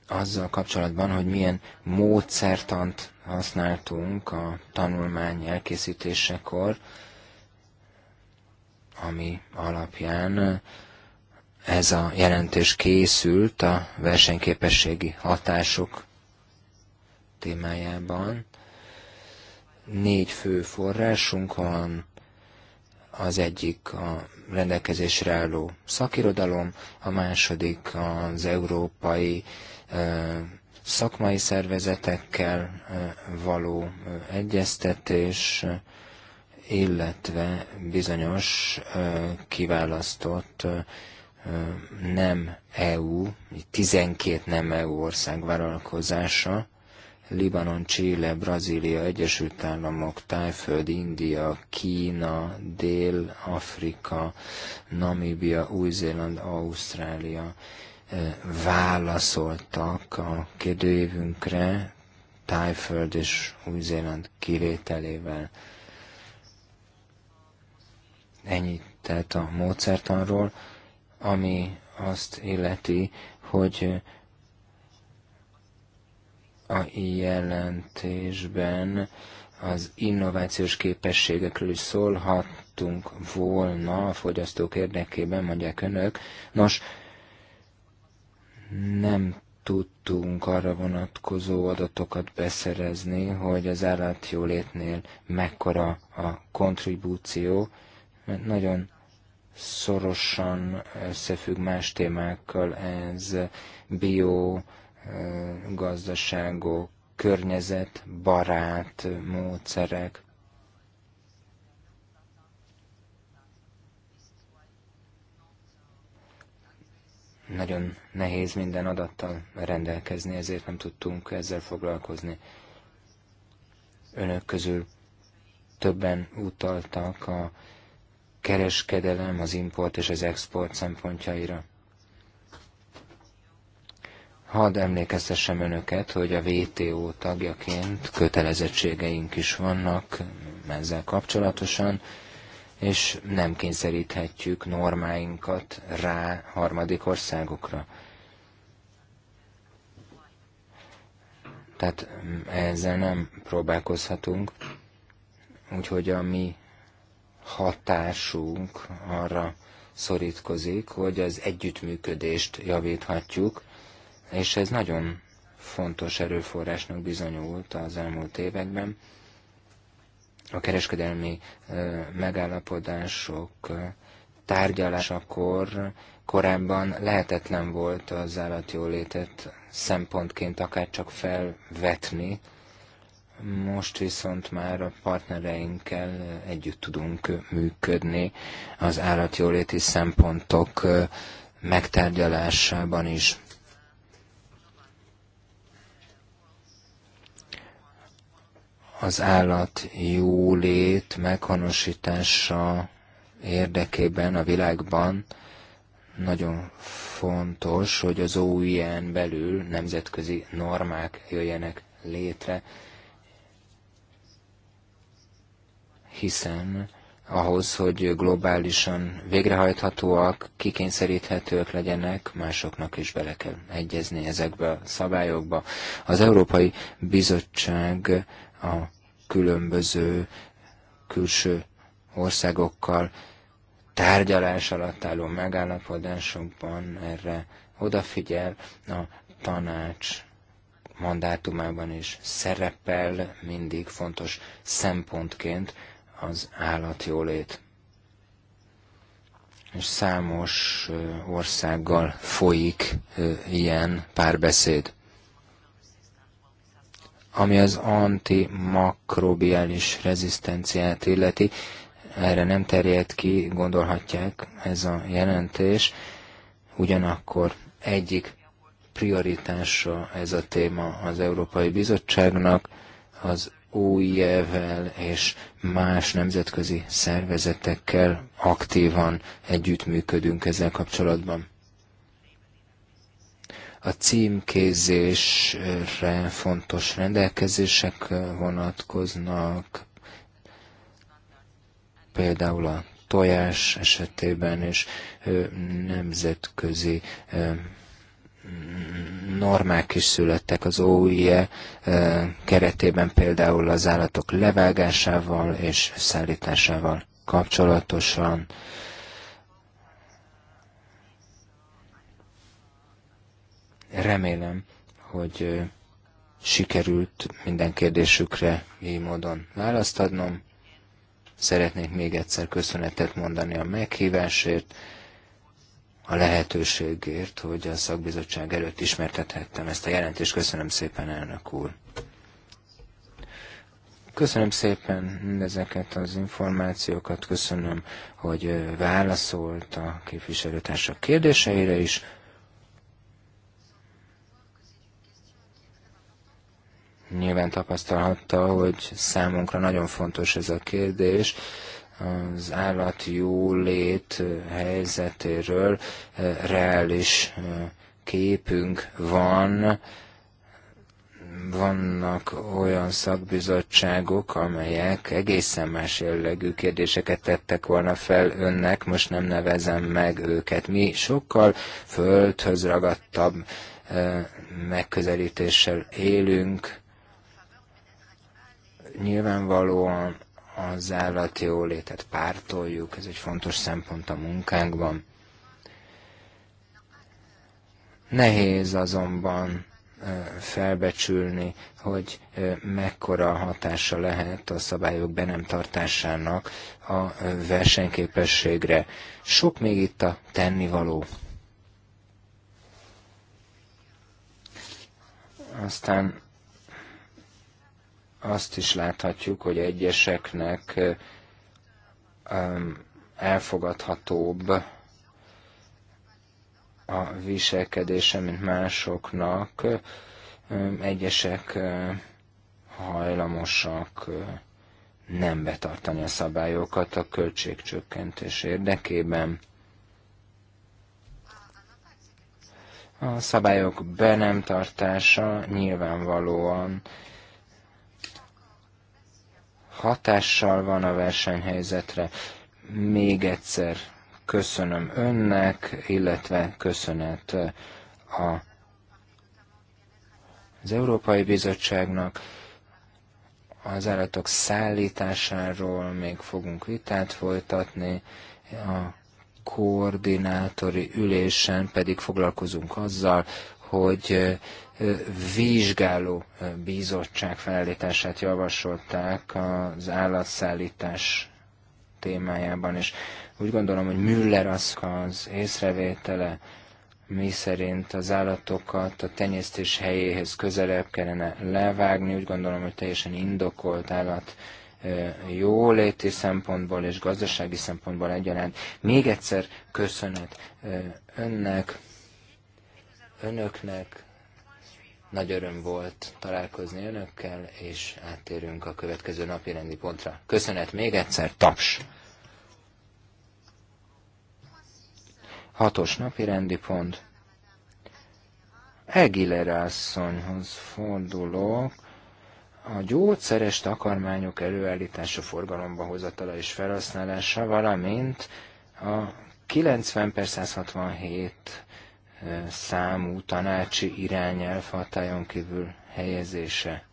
azzal kapcsolatban, hogy milyen módszertant használtunk a tanulmány elkészítésekor, ami alapján ez a jelentés készült a versenyképességi hatások témájában. Négy fő forrásunk van, az egyik a rendelkezésre álló szakirodalom, a második az európai szakmai szervezetekkel való egyeztetés, illetve bizonyos kiválasztott nem EU, 12 nem EU ország vállalkozása, Libanon, Chile, Brazília, Egyesült Államok, Tájföld, India, Kína, Dél-Afrika, Namíbia, Új-Zéland, Ausztrália eh, válaszoltak a kérdőjévünkre, Tájföld és Új-Zéland kivételével. Ennyit tehát a módszertanról, ami azt illeti, hogy a jelentésben az innovációs képességekről is szólhattunk volna a fogyasztók érdekében, mondják önök. Nos, nem tudtunk arra vonatkozó adatokat beszerezni, hogy az állatjólétnél mekkora a kontribúció, mert nagyon szorosan összefügg más témákkal ez, bio, gazdaságok, környezet, barát, módszerek. Nagyon nehéz minden adattal rendelkezni, ezért nem tudtunk ezzel foglalkozni. Önök közül többen utaltak a kereskedelem, az import és az export szempontjaira. Hadd emlékeztessem önöket, hogy a VTO tagjaként kötelezettségeink is vannak ezzel kapcsolatosan, és nem kényszeríthetjük normáinkat rá harmadik országokra. Tehát ezzel nem próbálkozhatunk, úgyhogy a mi hatásunk arra szorítkozik, hogy az együttműködést javíthatjuk, és ez nagyon fontos erőforrásnak bizonyult az elmúlt években. A kereskedelmi megállapodások tárgyalásakor korábban lehetetlen volt az állatjólétet szempontként akár csak felvetni, most viszont már a partnereinkkel együtt tudunk működni az állatjóléti szempontok megtárgyalásában is. az állat jólét meghonosítása érdekében a világban nagyon fontos, hogy az OIN belül nemzetközi normák jöjjenek létre, hiszen ahhoz, hogy globálisan végrehajthatóak, kikényszeríthetők legyenek, másoknak is bele kell egyezni ezekbe a szabályokba. Az Európai Bizottság a különböző külső országokkal tárgyalás alatt álló megállapodásokban erre odafigyel, a tanács mandátumában is szerepel mindig fontos szempontként az állatjólét. És számos országgal folyik ilyen párbeszéd. Ami az antimakrobiális rezisztenciát illeti, erre nem terjed ki, gondolhatják ez a jelentés, ugyanakkor egyik prioritása ez a téma az Európai Bizottságnak, az OIE-vel és más nemzetközi szervezetekkel aktívan együttműködünk ezzel kapcsolatban. A címkézésre fontos rendelkezések vonatkoznak, például a tojás esetében és nemzetközi normák is születtek az OIE keretében, például az állatok levágásával és szállításával kapcsolatosan. Remélem, hogy sikerült minden kérdésükre így módon választ adnom. Szeretnék még egyszer köszönetet mondani a meghívásért, a lehetőségért, hogy a szakbizottság előtt ismertethettem ezt a jelentést. Köszönöm szépen, elnök úr! Köszönöm szépen mindezeket az információkat, köszönöm, hogy válaszolt a képviselőtársak kérdéseire is. Nyilván tapasztalhatta, hogy számunkra nagyon fontos ez a kérdés, az állat állatjólét helyzetéről reális képünk van, vannak olyan szakbizottságok, amelyek egészen más jellegű kérdéseket tettek volna fel önnek, most nem nevezem meg őket. Mi sokkal földhöz ragadtabb megközelítéssel élünk, nyilvánvalóan az állati jólétet pártoljuk, ez egy fontos szempont a munkánkban. Nehéz azonban felbecsülni, hogy mekkora hatása lehet a szabályok be nem tartásának a versenyképességre. Sok még itt a tennivaló. Aztán azt is láthatjuk, hogy egyeseknek elfogadhatóbb a viselkedése, mint másoknak. Egyesek hajlamosak nem betartani a szabályokat a költségcsökkentés érdekében. A szabályok be nem tartása nyilvánvalóan hatással van a versenyhelyzetre. Még egyszer köszönöm önnek, illetve köszönet eh, a, az Európai Bizottságnak. Az állatok szállításáról még fogunk vitát folytatni, a koordinátori ülésen pedig foglalkozunk azzal, hogy eh, vizsgáló bizottság felállítását javasolták az állatszállítás témájában, és úgy gondolom, hogy Müller az, az észrevétele, mi szerint az állatokat a tenyésztés helyéhez közelebb kellene levágni, úgy gondolom, hogy teljesen indokolt állat jóléti szempontból és gazdasági szempontból egyaránt. Még egyszer köszönet önnek, önöknek, nagy öröm volt találkozni önökkel, és áttérünk a következő napi rendi pontra. Köszönet még egyszer, taps! Hatos napi rendi pont. Egiler asszonyhoz fordulok. A gyógyszeres takarmányok előállítása, forgalomba hozatala és felhasználása, valamint a 90 per 167 számú tanácsi irányelv hatályon kívül helyezése.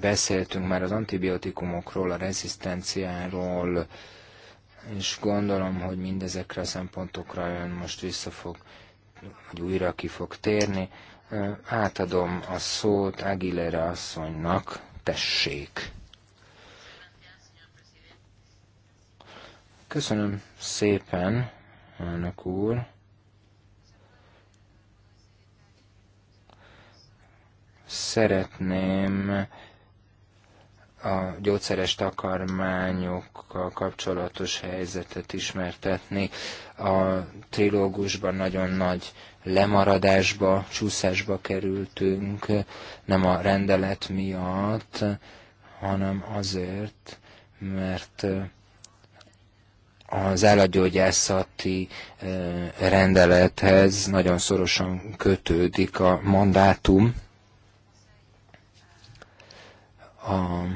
Beszéltünk már az antibiotikumokról, a rezisztenciáról, és gondolom, hogy mindezekre a szempontokra ön most vissza fog, vagy újra ki fog térni. Átadom a szót Agilera asszonynak, tessék! Köszönöm szépen, elnök úr! Szeretném a gyógyszeres takarmányokkal kapcsolatos helyzetet ismertetni. A trilógusban nagyon nagy lemaradásba, csúszásba kerültünk, nem a rendelet miatt, hanem azért, mert az állatgyógyászati eh, rendelethez nagyon szorosan kötődik a mandátum, a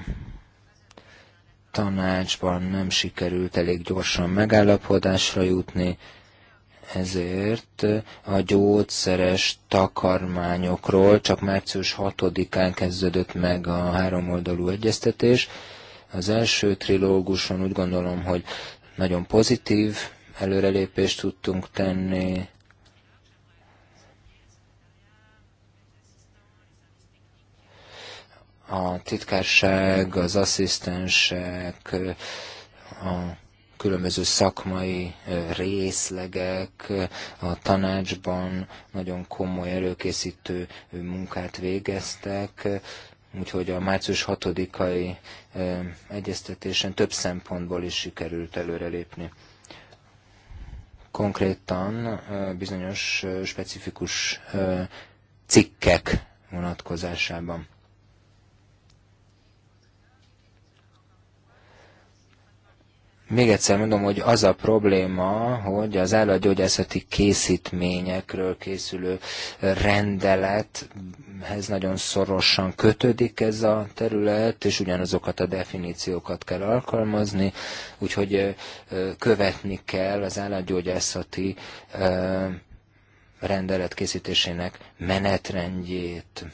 tanácsban nem sikerült elég gyorsan megállapodásra jutni, ezért a gyógyszeres takarmányokról csak március 6-án kezdődött meg a háromoldalú egyeztetés. Az első trilóguson úgy gondolom, hogy nagyon pozitív előrelépést tudtunk tenni, a titkárság, az asszisztensek, a különböző szakmai részlegek a tanácsban nagyon komoly előkészítő munkát végeztek, úgyhogy a március 6-ai egyeztetésen több szempontból is sikerült előrelépni. Konkrétan bizonyos specifikus cikkek vonatkozásában. Még egyszer mondom, hogy az a probléma, hogy az állatgyógyászati készítményekről készülő rendelethez nagyon szorosan kötődik ez a terület, és ugyanazokat a definíciókat kell alkalmazni, úgyhogy követni kell az állatgyógyászati rendelet készítésének menetrendjét.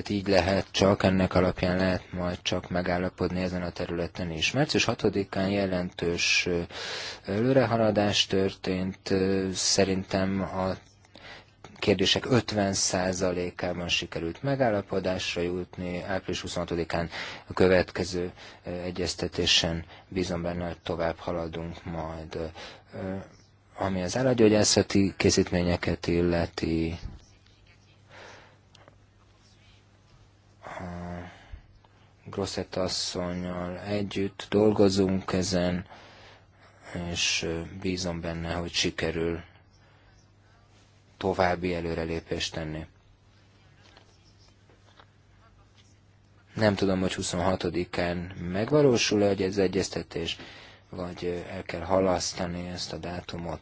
Tehát így lehet csak, ennek alapján lehet majd csak megállapodni ezen a területen is. Március 6-án jelentős előrehaladás történt, szerintem a kérdések 50%-ában sikerült megállapodásra jutni. Április 26-án a következő egyeztetésen bízom benne, hogy tovább haladunk majd. Ami az állatgyógyászati készítményeket illeti, Grosset asszonynal együtt dolgozunk ezen, és bízom benne, hogy sikerül további előrelépést tenni. Nem tudom, hogy 26-án megvalósul-e hogy ez egyeztetés, vagy el kell halasztani ezt a dátumot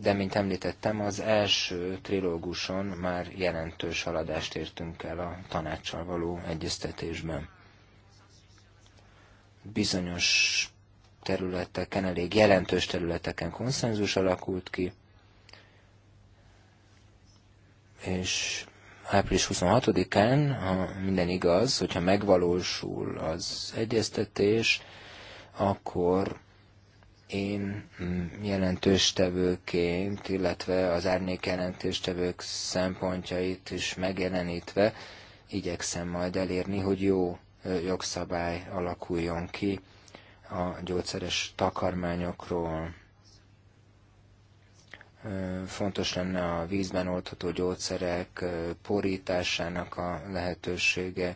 de mint említettem, az első trilóguson már jelentős haladást értünk el a tanácssal való egyeztetésben. Bizonyos területeken, elég jelentős területeken konszenzus alakult ki, és április 26-án, ha minden igaz, hogyha megvalósul az egyeztetés, akkor én mm, jelentéstevőként, illetve az árnyék jelentéstevők szempontjait is megjelenítve igyekszem majd elérni, hogy jó jogszabály alakuljon ki a gyógyszeres takarmányokról. Fontos lenne a vízben oldható gyógyszerek porításának a lehetősége,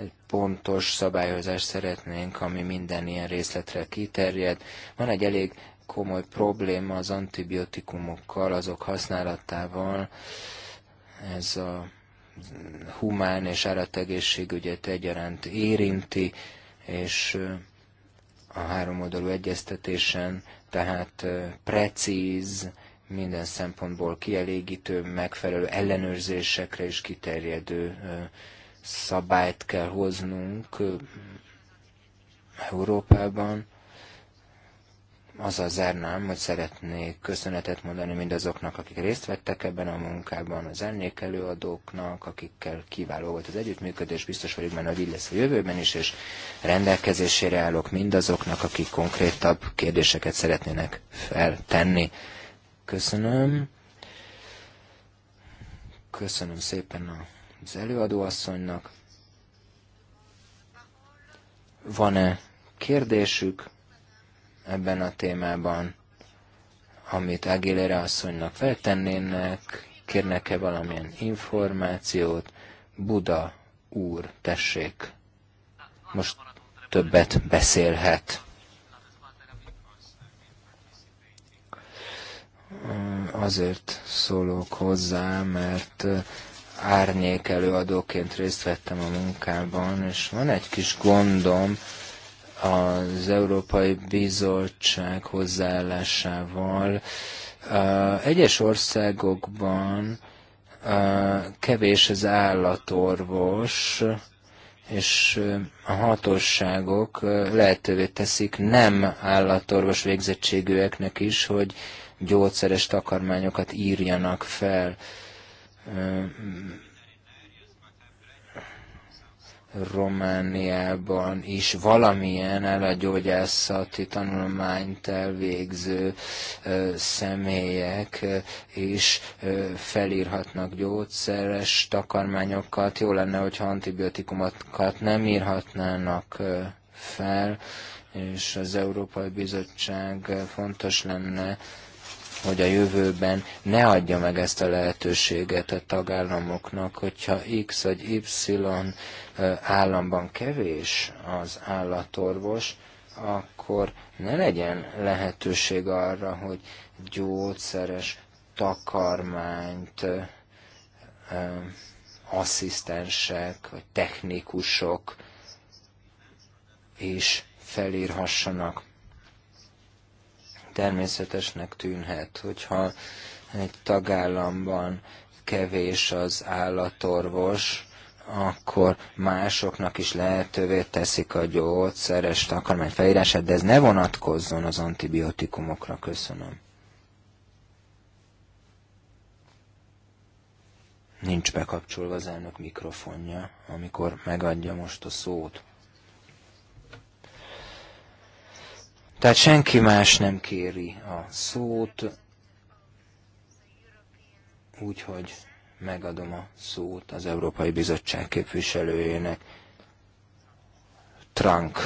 egy pontos szabályozást szeretnénk, ami minden ilyen részletre kiterjed. Van egy elég komoly probléma az antibiotikumokkal, azok használatával. Ez a humán és állategészségügyet egyaránt érinti, és a háromoldalú egyeztetésen, tehát precíz, minden szempontból kielégítő, megfelelő ellenőrzésekre is kiterjedő szabályt kell hoznunk Európában, azzal zárnám, hogy szeretnék köszönetet mondani mindazoknak, akik részt vettek ebben a munkában, az előadóknak, akikkel kiváló volt az együttműködés, biztos vagyok benne, hogy így lesz a jövőben is, és rendelkezésére állok mindazoknak, akik konkrétabb kérdéseket szeretnének feltenni. Köszönöm. Köszönöm szépen a az előadóasszonynak. Van-e kérdésük ebben a témában, amit Agilera asszonynak feltennének, kérnek-e valamilyen információt? Buda úr, tessék, most többet beszélhet. Azért szólok hozzá, mert árnyék előadóként részt vettem a munkában, és van egy kis gondom az Európai Bizottság hozzáállásával. Uh, egyes országokban uh, kevés az állatorvos, és uh, a hatóságok lehetővé teszik nem állatorvos végzettségűeknek is, hogy gyógyszeres takarmányokat írjanak fel Romániában is valamilyen elegyógyászati tanulmányt elvégző személyek is felírhatnak gyógyszeres takarmányokat. Jó lenne, hogyha antibiotikumokat nem írhatnának fel, és az Európai Bizottság fontos lenne, hogy a jövőben ne adja meg ezt a lehetőséget a tagállamoknak, hogyha X vagy Y államban kevés az állatorvos, akkor ne legyen lehetőség arra, hogy gyógyszeres takarmányt asszisztensek vagy technikusok is felírhassanak természetesnek tűnhet, hogyha egy tagállamban kevés az állatorvos, akkor másoknak is lehetővé teszik a gyógyszeres takarmány felírását, de ez ne vonatkozzon az antibiotikumokra. Köszönöm. Nincs bekapcsolva az elnök mikrofonja, amikor megadja most a szót. Tehát senki más nem kéri a szót, úgyhogy megadom a szót az Európai Bizottság képviselőjének, Trank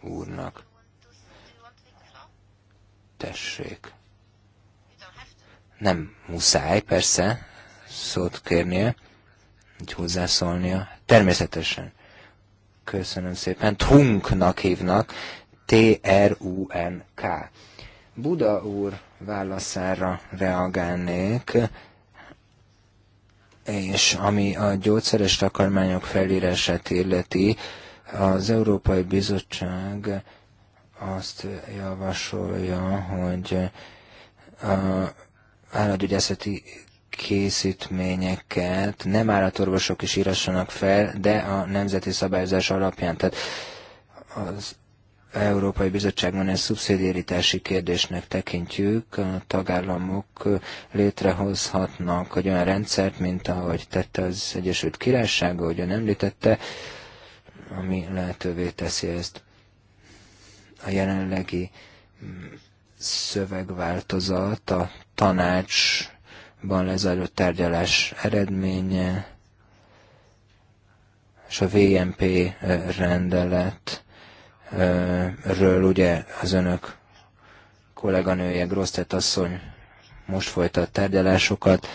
úrnak. Tessék. Nem muszáj, persze, szót kérnie, hogy hozzászólnia. Természetesen. Köszönöm szépen. Trunknak hívnak, T-R-U-N-K. Buda úr válaszára reagálnék, és ami a gyógyszeres takarmányok felírását illeti, az Európai Bizottság azt javasolja, hogy a állatgyógyászati készítményeket nem állatorvosok is írassanak fel, de a nemzeti szabályozás alapján. Tehát az Európai Bizottságban ezt szubszidiaritási kérdésnek tekintjük, a tagállamok létrehozhatnak egy olyan rendszert, mint ahogy tette az Egyesült Királyság, ön említette, ami lehetővé teszi ezt. A jelenlegi mm, szövegváltozat a tanácsban lezajlott tárgyalás eredménye, és a VMP eh, rendelet ről ugye az önök kolléganője Grosztet asszony most folytat tárgyalásokat.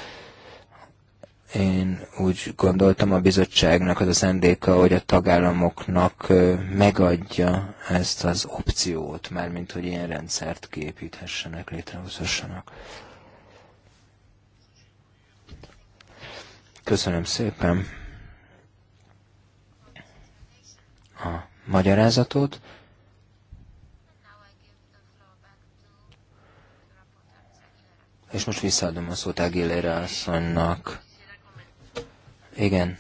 Én úgy gondoltam a bizottságnak az a szándéka, hogy a tagállamoknak megadja ezt az opciót, mármint hogy ilyen rendszert képíthessenek, létrehozhassanak. Köszönöm szépen Ah magyarázatot. És most visszaadom a szót Agilére asszonynak. Igen.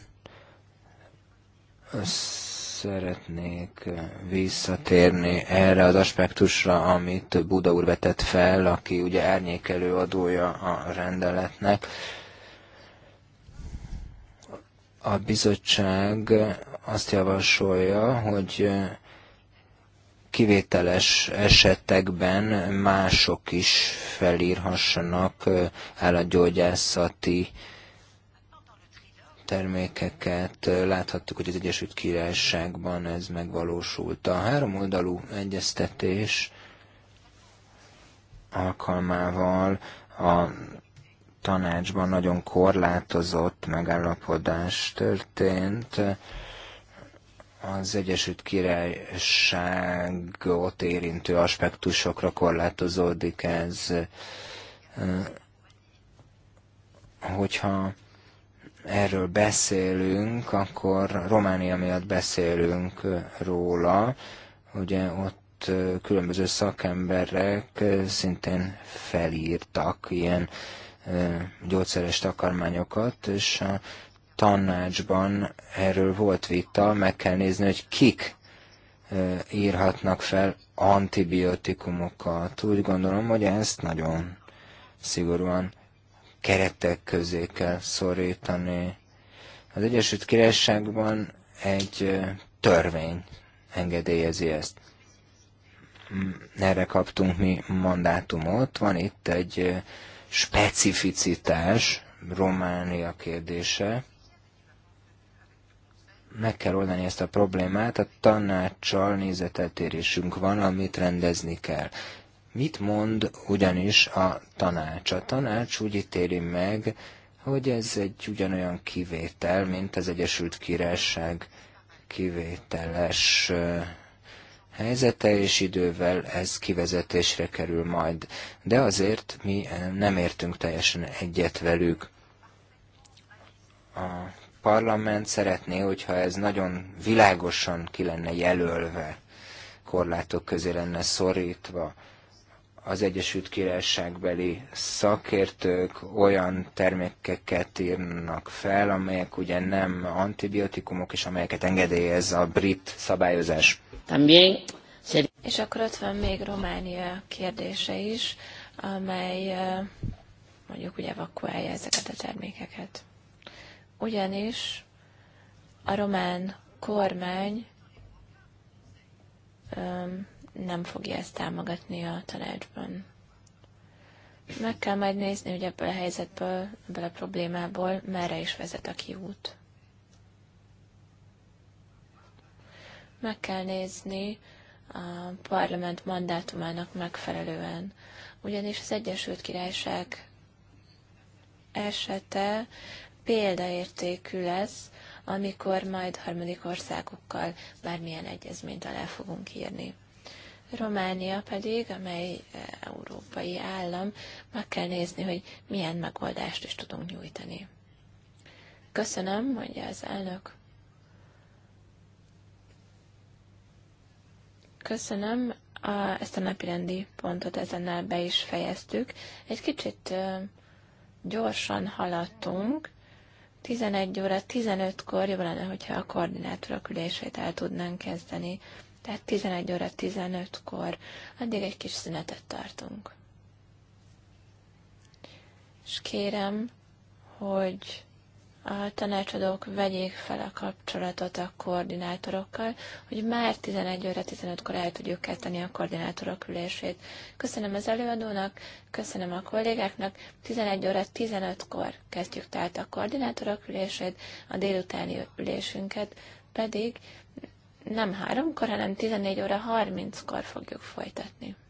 Szeretnék visszatérni erre az aspektusra, amit Buda úr vetett fel, aki ugye árnyékelő adója a rendeletnek. A bizottság azt javasolja, hogy kivételes esetekben mások is felírhassanak állatgyógyászati termékeket. Láthattuk, hogy az Egyesült Királyságban ez megvalósult. A háromoldalú egyeztetés alkalmával a tanácsban nagyon korlátozott megállapodás történt az Egyesült Királyságot érintő aspektusokra korlátozódik ez, hogyha erről beszélünk, akkor Románia miatt beszélünk róla, ugye ott különböző szakemberek szintén felírtak ilyen gyógyszeres takarmányokat, és a tanácsban erről volt vita, meg kell nézni, hogy kik írhatnak fel antibiotikumokat. Úgy gondolom, hogy ezt nagyon szigorúan keretek közé kell szorítani. Az Egyesült Királyságban egy törvény engedélyezi ezt. Mm, erre kaptunk mi mandátumot. Van itt egy specificitás, Románia kérdése, meg kell oldani ezt a problémát, a tanácssal nézeteltérésünk van, amit rendezni kell. Mit mond ugyanis a tanács? A tanács úgy ítéli meg, hogy ez egy ugyanolyan kivétel, mint az Egyesült Királyság kivételes helyzete, és idővel ez kivezetésre kerül majd. De azért mi nem értünk teljesen egyet velük. A parlament szeretné, hogyha ez nagyon világosan ki lenne jelölve, korlátok közé lenne szorítva az Egyesült Királyságbeli szakértők olyan termékeket írnak fel, amelyek ugye nem antibiotikumok, és amelyeket engedélyez a brit szabályozás. También. És akkor ott van még Románia kérdése is, amely eh, mondjuk ugye evakuálja ezeket a termékeket ugyanis a román kormány nem fogja ezt támogatni a tanácsban. Meg kell majd nézni, hogy ebből a helyzetből, ebből a problémából merre is vezet a kiút. Meg kell nézni a parlament mandátumának megfelelően, ugyanis az Egyesült Királyság esete példaértékű lesz, amikor majd harmadik országokkal bármilyen egyezményt alá fogunk írni. Románia pedig, amely e, európai állam, meg kell nézni, hogy milyen megoldást is tudunk nyújtani. Köszönöm, mondja az elnök. Köszönöm, a, ezt a napirendi pontot ezennel be is fejeztük. Egy kicsit e, gyorsan haladtunk, 11 óra 15-kor jobb lenne, hogyha a koordinátorok ülését el tudnánk kezdeni. Tehát 11 óra 15-kor. Addig egy kis szünetet tartunk. És kérem, hogy a tanácsadók vegyék fel a kapcsolatot a koordinátorokkal, hogy már 11 óra 15-kor el tudjuk kezdeni a koordinátorok ülését. Köszönöm az előadónak, köszönöm a kollégáknak. 11 óra 15-kor kezdjük tehát a koordinátorok ülését, a délutáni ülésünket pedig nem háromkor, hanem 14 óra 30-kor fogjuk folytatni.